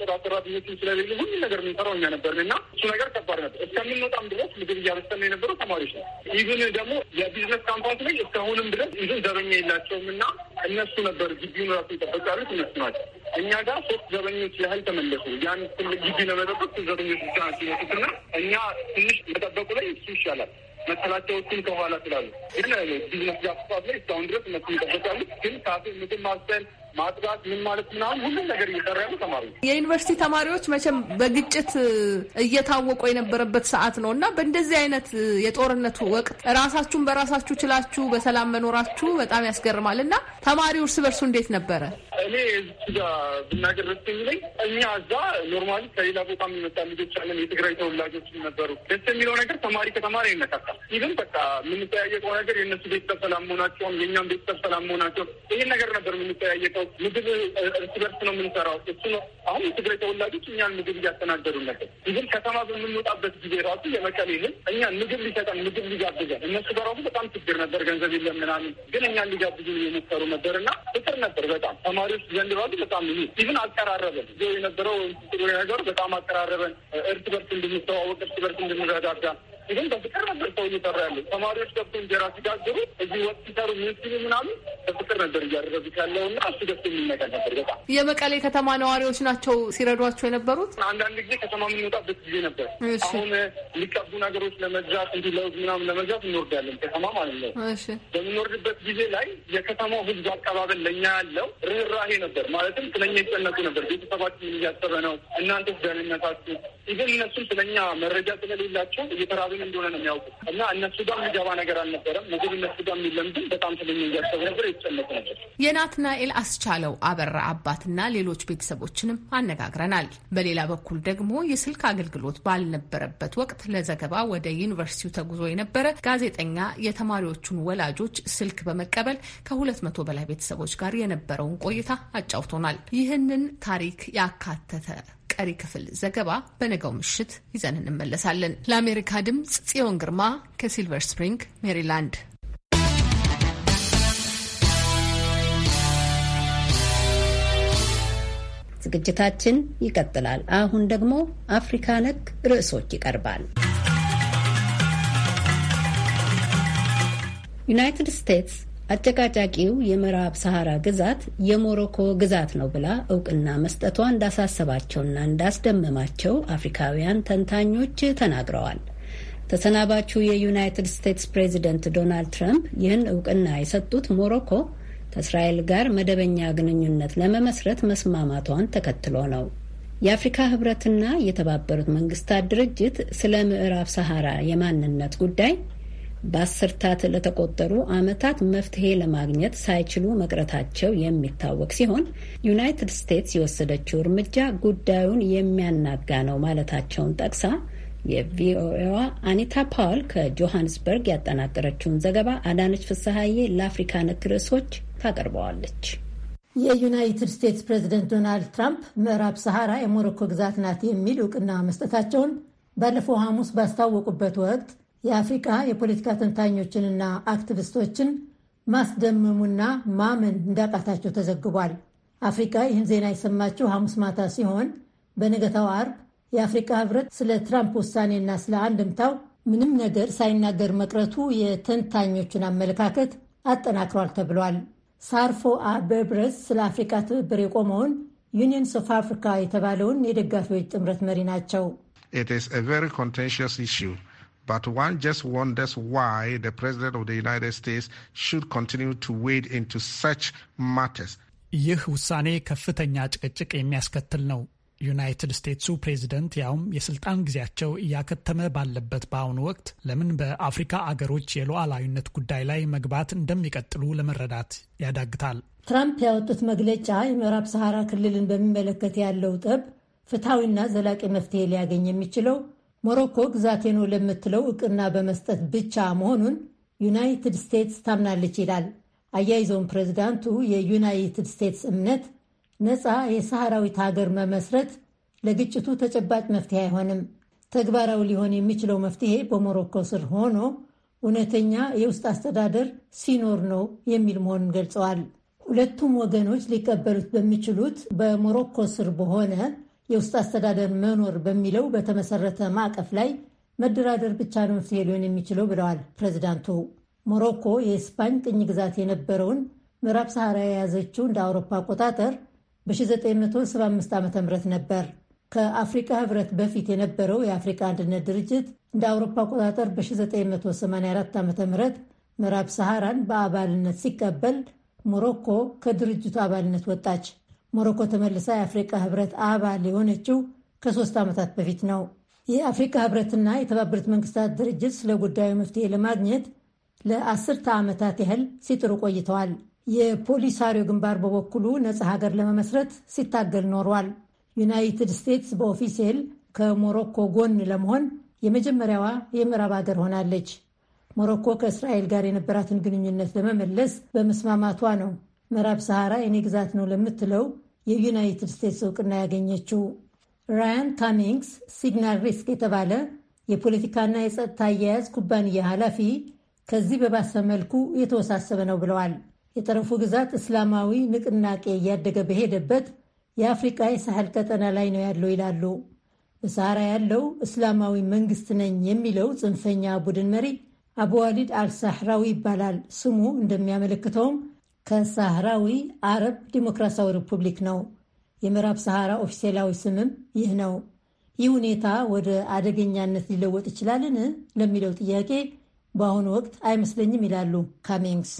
ጥራጥራትኞችን ስለሌለ ሁሉ ነገር የምንሰራው እኛ ነበርን እና እሱ ነገር ከባድ ነበር። እስከምንወጣም ድረስ ምግብ እያበሰልን የነበረው ተማሪዎች ነው። ኢቭን ደግሞ የቢዝነስ ካምፓስ ላይ እስካሁንም ድረስ ኢቭን ዘበኛ የላቸውም እና እነሱ ነበር ግቢውን ራሱ የጠበቁ እነሱ ናቸው። እኛ ጋር ሶስት ዘበኞች ያህል ተመለሱ። ያን ትልቅ ግቢ ለመጠበቅ ዘበኞች ብቻ ናቸው ይወጡትና እኛ ትንሽ መጠበቁ ላይ እሱ ይሻላል። መሰላቸዎችን ከኋላ ስላሉ ግን ቢዝነስ ጃስፋ ላይ እስካሁን ድረስ እነሱ ይጠበቃሉ። ግን ካፌ ምግብ ማብሰል ማጥጋት ምን ማለት ምናምን ሁሉም ነገር እየሰራ ያሉ ተማሪዎች የዩኒቨርሲቲ ተማሪዎች መቼም በግጭት እየታወቁ የነበረበት ሰዓት ነው እና በእንደዚህ አይነት የጦርነቱ ወቅት ራሳችሁን በራሳችሁ ችላችሁ በሰላም መኖራችሁ በጣም ያስገርማል። እና ተማሪው እርስ በርሱ እንዴት ነበረ? እኔ ጋር ብናገር ደስ የሚለኝ እኛ እዛ ኖርማሊ ከሌላ ቦታ የሚመጣ ልጆች አለን፣ የትግራይ ተወላጆች ነበሩ። ደስ የሚለው ነገር ተማሪ ከተማሪ ይነካካል። ይህም በቃ የምንጠያየቀው ነገር የእነሱ ቤተሰብ ሰላም መሆናቸውም የእኛም ቤተሰብ ሰላም መሆናቸው ይህን ነገር ነበር የምንጠያየቀው ነው። ምግብ እርስ በርስ ነው የምንሰራው። እሱ ነው አሁን የትግራይ ተወላጆች እኛን ምግብ እያስተናገዱ ነበር። ይህም ከተማ በምንወጣበት ጊዜ ራሱ የመቀሌ ህዝብ ምግብ ሊሰጠን ምግብ ሊጋብዘን፣ እነሱ በራሱ በጣም ችግር ነበር፣ ገንዘብ የለም ምናምን፣ ግን እኛን ሊጋብዙ የሞከሩ ነበር እና ፍቅር ነበር በጣም ተማሪዎች ዘንድ ራሱ በጣም ይ ይህን አቀራረበን ዞ የነበረው ነገሩ በጣም አቀራረበን፣ እርስ በርስ እንድንተዋወቅ፣ እርስ በርስ እንድንረዳዳ ግን በፍቅር ነበር ሰው እየሰሩ ያለ ተማሪዎች ገብቶ እንጀራ ሲጋግሩ እዚህ ወጥ ሲሰሩ ሚኒስትሪ ምናምን በፍቅር ነበር እያደረጉት ያለውና እሱ ደስ የሚነገር ነበር። በጣም የመቀሌ ከተማ ነዋሪዎች ናቸው ሲረዷቸው የነበሩት። አንዳንድ ጊዜ ከተማ የምንወጣበት ጊዜ ነበር። አሁን ሊቀቡ ነገሮች ለመግዛት እንዲ ለውዝ ምናምን ለመግዛት እንወርዳለን ከተማ ማለት ነው። በምንወርድበት ጊዜ ላይ የከተማው ህዝብ አቀባበል ለእኛ ያለው ርኅራሄ ነበር። ማለትም ስለኛ ይጨነቁ ነበር። ቤተሰባችን እያሰበ ነው፣ እናንተ ደህንነታችሁ። ኢቨን እነሱም ስለኛ መረጃ ስለሌላቸው እየተራበ ምን እንደሆነ ነው የሚያውቁ እና እነሱ ጋር የሚገባ ነገር አልነበረም። ምግብ እነሱ ጋር የሚለም ግን በጣም ስለሚያሰብ ነበር የተጨነቁ ነበር። የናትናኤል አስቻለው አበራ አባትና ሌሎች ቤተሰቦችንም አነጋግረናል። በሌላ በኩል ደግሞ የስልክ አገልግሎት ባልነበረበት ወቅት ለዘገባ ወደ ዩኒቨርሲቲው ተጉዞ የነበረ ጋዜጠኛ የተማሪዎቹን ወላጆች ስልክ በመቀበል ከሁለት መቶ በላይ ቤተሰቦች ጋር የነበረውን ቆይታ አጫውቶናል። ይህንን ታሪክ ያካተተ ቀሪ ክፍል ዘገባ በነገው ምሽት ይዘን እንመለሳለን። ለአሜሪካ ድምፅ ጽዮን ግርማ ከሲልቨር ስፕሪንግ ሜሪላንድ። ዝግጅታችን ይቀጥላል። አሁን ደግሞ አፍሪካ ነክ ርዕሶች ይቀርባል። ዩናይትድ ስቴትስ አጨቃጫቂው የምዕራብ ሰሐራ ግዛት የሞሮኮ ግዛት ነው ብላ እውቅና መስጠቷ እንዳሳሰባቸውና እንዳስደመማቸው አፍሪካውያን ተንታኞች ተናግረዋል። ተሰናባቹ የዩናይትድ ስቴትስ ፕሬዚደንት ዶናልድ ትራምፕ ይህን እውቅና የሰጡት ሞሮኮ ከእስራኤል ጋር መደበኛ ግንኙነት ለመመስረት መስማማቷን ተከትሎ ነው። የአፍሪካ ህብረትና የተባበሩት መንግስታት ድርጅት ስለ ምዕራብ ሰሐራ የማንነት ጉዳይ በአስርታት ለተቆጠሩ ዓመታት መፍትሄ ለማግኘት ሳይችሉ መቅረታቸው የሚታወቅ ሲሆን ዩናይትድ ስቴትስ የወሰደችው እርምጃ ጉዳዩን የሚያናጋ ነው ማለታቸውን ጠቅሳ የቪኦኤዋ አኒታ ፓውል ከጆሃንስበርግ ያጠናቀረችውን ዘገባ አዳነች ፍስሐዬ ለአፍሪካ ነክ ርዕሶች ታቀርበዋለች። የዩናይትድ ስቴትስ ፕሬዚደንት ዶናልድ ትራምፕ ምዕራብ ሰሐራ የሞሮኮ ግዛት ናት የሚል እውቅና መስጠታቸውን ባለፈው ሐሙስ ባስታወቁበት ወቅት የአፍሪካ የፖለቲካ ተንታኞችንና አክቲቪስቶችን ማስደመሙና ማመን እንዳቃታቸው ተዘግቧል። አፍሪካ ይህን ዜና የሰማችው ሐሙስ ማታ ሲሆን በነገታው አርብ የአፍሪካ ህብረት ስለ ትራምፕ ውሳኔና ስለ አንድምታው ምንም ነገር ሳይናገር መቅረቱ የተንታኞቹን አመለካከት አጠናክሯል ተብሏል። ሳርፎ አበብረስ ስለ አፍሪካ ትብብር የቆመውን ዩኒየንስ ኦፍ አፍሪካ የተባለውን የደጋፊዎች ጥምረት መሪ ናቸው። ኢት ኢዝ But one just wonders why the President of the United States should continue to wade into such matters. ይህ ውሳኔ ከፍተኛ ጭቅጭቅ የሚያስከትል ነው። ዩናይትድ ስቴትሱ ፕሬዚደንት ያውም የስልጣን ጊዜያቸው እያከተመ ባለበት በአሁኑ ወቅት ለምን በአፍሪካ አገሮች የሉዓላዊነት ጉዳይ ላይ መግባት እንደሚቀጥሉ ለመረዳት ያዳግታል። ትራምፕ ያወጡት መግለጫ የምዕራብ ሰሐራ ክልልን በሚመለከት ያለው ጠብ ፍትሐዊና ዘላቂ መፍትሄ ሊያገኝ የሚችለው ሞሮኮ ግዛቴ ነው ለምትለው እውቅና በመስጠት ብቻ መሆኑን ዩናይትድ ስቴትስ ታምናለች ይላል። አያይዘውም ፕሬዚዳንቱ የዩናይትድ ስቴትስ እምነት ነፃ የሰሐራዊት ሀገር መመስረት ለግጭቱ ተጨባጭ መፍትሄ አይሆንም፣ ተግባራዊ ሊሆን የሚችለው መፍትሄ በሞሮኮ ስር ሆኖ እውነተኛ የውስጥ አስተዳደር ሲኖር ነው የሚል መሆኑን ገልጸዋል። ሁለቱም ወገኖች ሊቀበሉት በሚችሉት በሞሮኮ ስር በሆነ የውስጥ አስተዳደር መኖር በሚለው በተመሰረተ ማዕቀፍ ላይ መደራደር ብቻ ነው መፍትሄ ሊሆን የሚችለው ብለዋል ፕሬዚዳንቱ። ሞሮኮ የስፓኝ ቅኝ ግዛት የነበረውን ምዕራብ ሰሐራ የያዘችው እንደ አውሮፓ አቆጣጠር በ1975 ዓ ም ነበር። ከአፍሪካ ህብረት በፊት የነበረው የአፍሪካ አንድነት ድርጅት እንደ አውሮፓ አቆጣጠር በ1984 ዓ ም ምዕራብ ሰሐራን በአባልነት ሲቀበል ሞሮኮ ከድርጅቱ አባልነት ወጣች። ሞሮኮ ተመልሳ የአፍሪካ ህብረት አባል የሆነችው ከሶስት ዓመታት በፊት ነው። የአፍሪካ ህብረትና የተባበሩት መንግስታት ድርጅት ስለ ጉዳዩ መፍትሄ ለማግኘት ለአስርተ ዓመታት ያህል ሲጥሩ ቆይተዋል። የፖሊሳሪዮ ግንባር በበኩሉ ነፃ ሀገር ለመመስረት ሲታገል ኖሯል። ዩናይትድ ስቴትስ በኦፊሴል ከሞሮኮ ጎን ለመሆን የመጀመሪያዋ የምዕራብ ሀገር ሆናለች። ሞሮኮ ከእስራኤል ጋር የነበራትን ግንኙነት ለመመለስ በመስማማቷ ነው ምዕራብ ሰሐራ የኔ ግዛት ነው ለምትለው የዩናይትድ ስቴትስ እውቅና ያገኘችው። ራያን ካሚንግስ ሲግናል ሪስክ የተባለ የፖለቲካና የጸጥታ አያያዝ ኩባንያ ኃላፊ ከዚህ በባሰ መልኩ የተወሳሰበ ነው ብለዋል። የጠረፉ ግዛት እስላማዊ ንቅናቄ እያደገ በሄደበት የአፍሪቃ የሳህል ቀጠና ላይ ነው ያለው ይላሉ። በሰሃራ ያለው እስላማዊ መንግስት ነኝ የሚለው ጽንፈኛ ቡድን መሪ አቡዋሊድ አልሳሕራዊ ይባላል። ስሙ እንደሚያመለክተውም ከሳህራዊ አረብ ዲሞክራሲያዊ ሪፑብሊክ ነው። የምዕራብ ሰሃራ ኦፊሴላዊ ስምም ይህ ነው። ይህ ሁኔታ ወደ አደገኛነት ሊለወጥ ይችላልን ለሚለው ጥያቄ በአሁኑ ወቅት አይመስለኝም ይላሉ ካሚንግስ።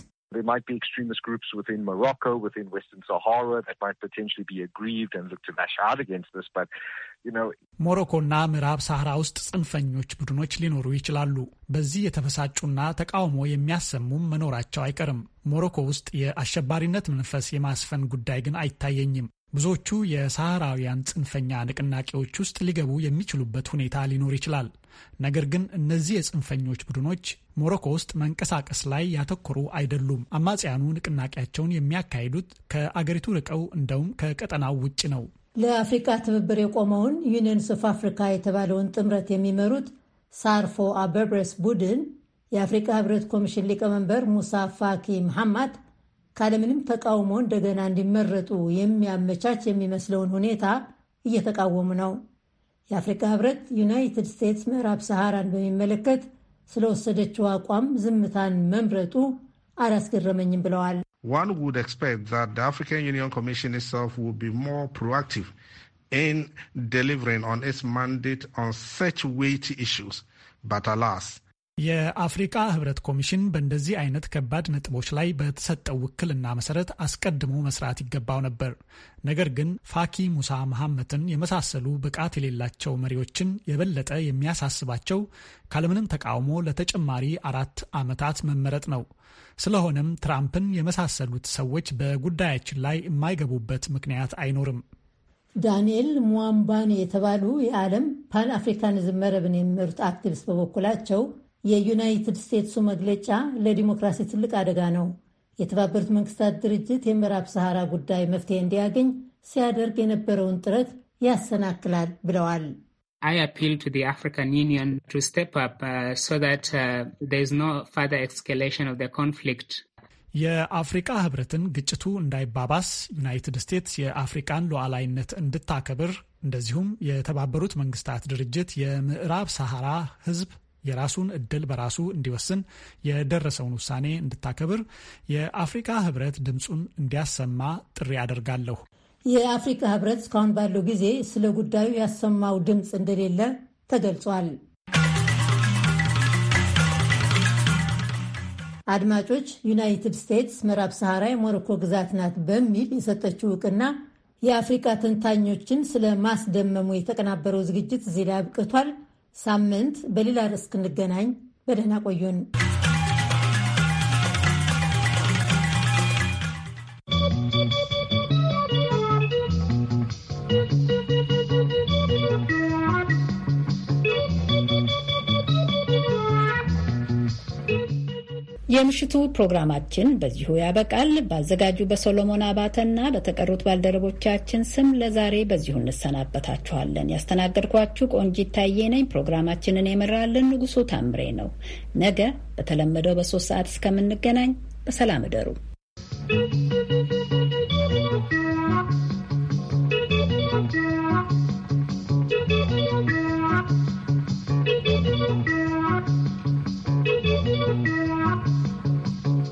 ሞሮኮና ምዕራብ ሳህራ ውስጥ ጽንፈኞች ቡድኖች ሊኖሩ ይችላሉ። በዚህ የተበሳጩና ተቃውሞ የሚያሰሙም መኖራቸው አይቀርም። ሞሮኮ ውስጥ የአሸባሪነት መንፈስ የማስፈን ጉዳይ ግን አይታየኝም። ብዙዎቹ የሳህራውያን ጽንፈኛ ንቅናቄዎች ውስጥ ሊገቡ የሚችሉበት ሁኔታ ሊኖር ይችላል። ነገር ግን እነዚህ የጽንፈኞች ቡድኖች ሞሮኮ ውስጥ መንቀሳቀስ ላይ ያተኮሩ አይደሉም። አማጽያኑ ንቅናቄያቸውን የሚያካሂዱት ከአገሪቱ ርቀው እንደውም ከቀጠናው ውጭ ነው። ለአፍሪካ ትብብር የቆመውን ዩኒየንስ ኦፍ አፍሪካ የተባለውን ጥምረት የሚመሩት ሳርፎ አበርብሬስ ቡድን የአፍሪካ ህብረት ኮሚሽን ሊቀመንበር ሙሳ ፋኪ መሐማት ካለምንም ተቃውሞ እንደገና እንዲመረጡ የሚያመቻች የሚመስለውን ሁኔታ እየተቃወሙ ነው። የአፍሪካ ህብረት ዩናይትድ ስቴትስ ምዕራብ ሰሃራን በሚመለከት ስለወሰደችው አቋም ዝምታን መምረጡ አላስገረመኝም ብለዋል። one would expect that the African Union Commission itself would be more proactive in delivering on its mandate on such weighty issues. But alas, የአፍሪካ ህብረት ኮሚሽን በእንደዚህ አይነት ከባድ ነጥቦች ላይ በተሰጠው ውክልና መሰረት አስቀድሞ መስራት ይገባው ነበር። ነገር ግን ፋኪ ሙሳ መሐመትን የመሳሰሉ ብቃት የሌላቸው መሪዎችን የበለጠ የሚያሳስባቸው ካለምንም ተቃውሞ ለተጨማሪ አራት ዓመታት መመረጥ ነው። ስለሆነም ትራምፕን የመሳሰሉት ሰዎች በጉዳያችን ላይ የማይገቡበት ምክንያት አይኖርም። ዳንኤል ሙዋምባኔ የተባሉ የዓለም ፓን አፍሪካኒዝም መረብን የሚመሩት አክቲቪስት በበኩላቸው የዩናይትድ ስቴትሱ መግለጫ ለዲሞክራሲ ትልቅ አደጋ ነው፣ የተባበሩት መንግስታት ድርጅት የምዕራብ ሰሐራ ጉዳይ መፍትሄ እንዲያገኝ ሲያደርግ የነበረውን ጥረት ያሰናክላል ብለዋል። I appeal to the African Union to step up uh, so that uh, there is no further escalation of the conflict. የአፍሪቃ ህብረትን ግጭቱ እንዳይባባስ ዩናይትድ ስቴትስ የአፍሪቃን ሉዓላዊነት እንድታከብር እንደዚሁም የተባበሩት መንግስታት ድርጅት የምዕራብ ሰሐራ ህዝብ የራሱን እድል በራሱ እንዲወስን የደረሰውን ውሳኔ እንድታከብር የአፍሪካ ህብረት ድምፁን እንዲያሰማ ጥሪ አደርጋለሁ። የአፍሪካ ህብረት እስካሁን ባለው ጊዜ ስለ ጉዳዩ ያሰማው ድምፅ እንደሌለ ተገልጿል። አድማጮች፣ ዩናይትድ ስቴትስ ምዕራብ ሰሐራ የሞሮኮ ግዛት ናት በሚል የሰጠችው እውቅና የአፍሪካ ተንታኞችን ስለ ማስደመሙ የተቀናበረው ዝግጅት እዚህ ላይ አብቅቷል። ሳምንት በሌላ ርዕስ እስክንገናኝ በደህና ቆዩን። የምሽቱ ፕሮግራማችን በዚሁ ያበቃል። ባዘጋጁ በሶሎሞን አባተና በተቀሩት ባልደረቦቻችን ስም ለዛሬ በዚሁ እንሰናበታችኋለን። ያስተናገድኳችሁ ቆንጂት ታዬ ነኝ። ፕሮግራማችንን የመራልን ንጉሱ ታምሬ ነው። ነገ በተለመደው በሶስት ሰዓት እስከምንገናኝ በሰላም እደሩ።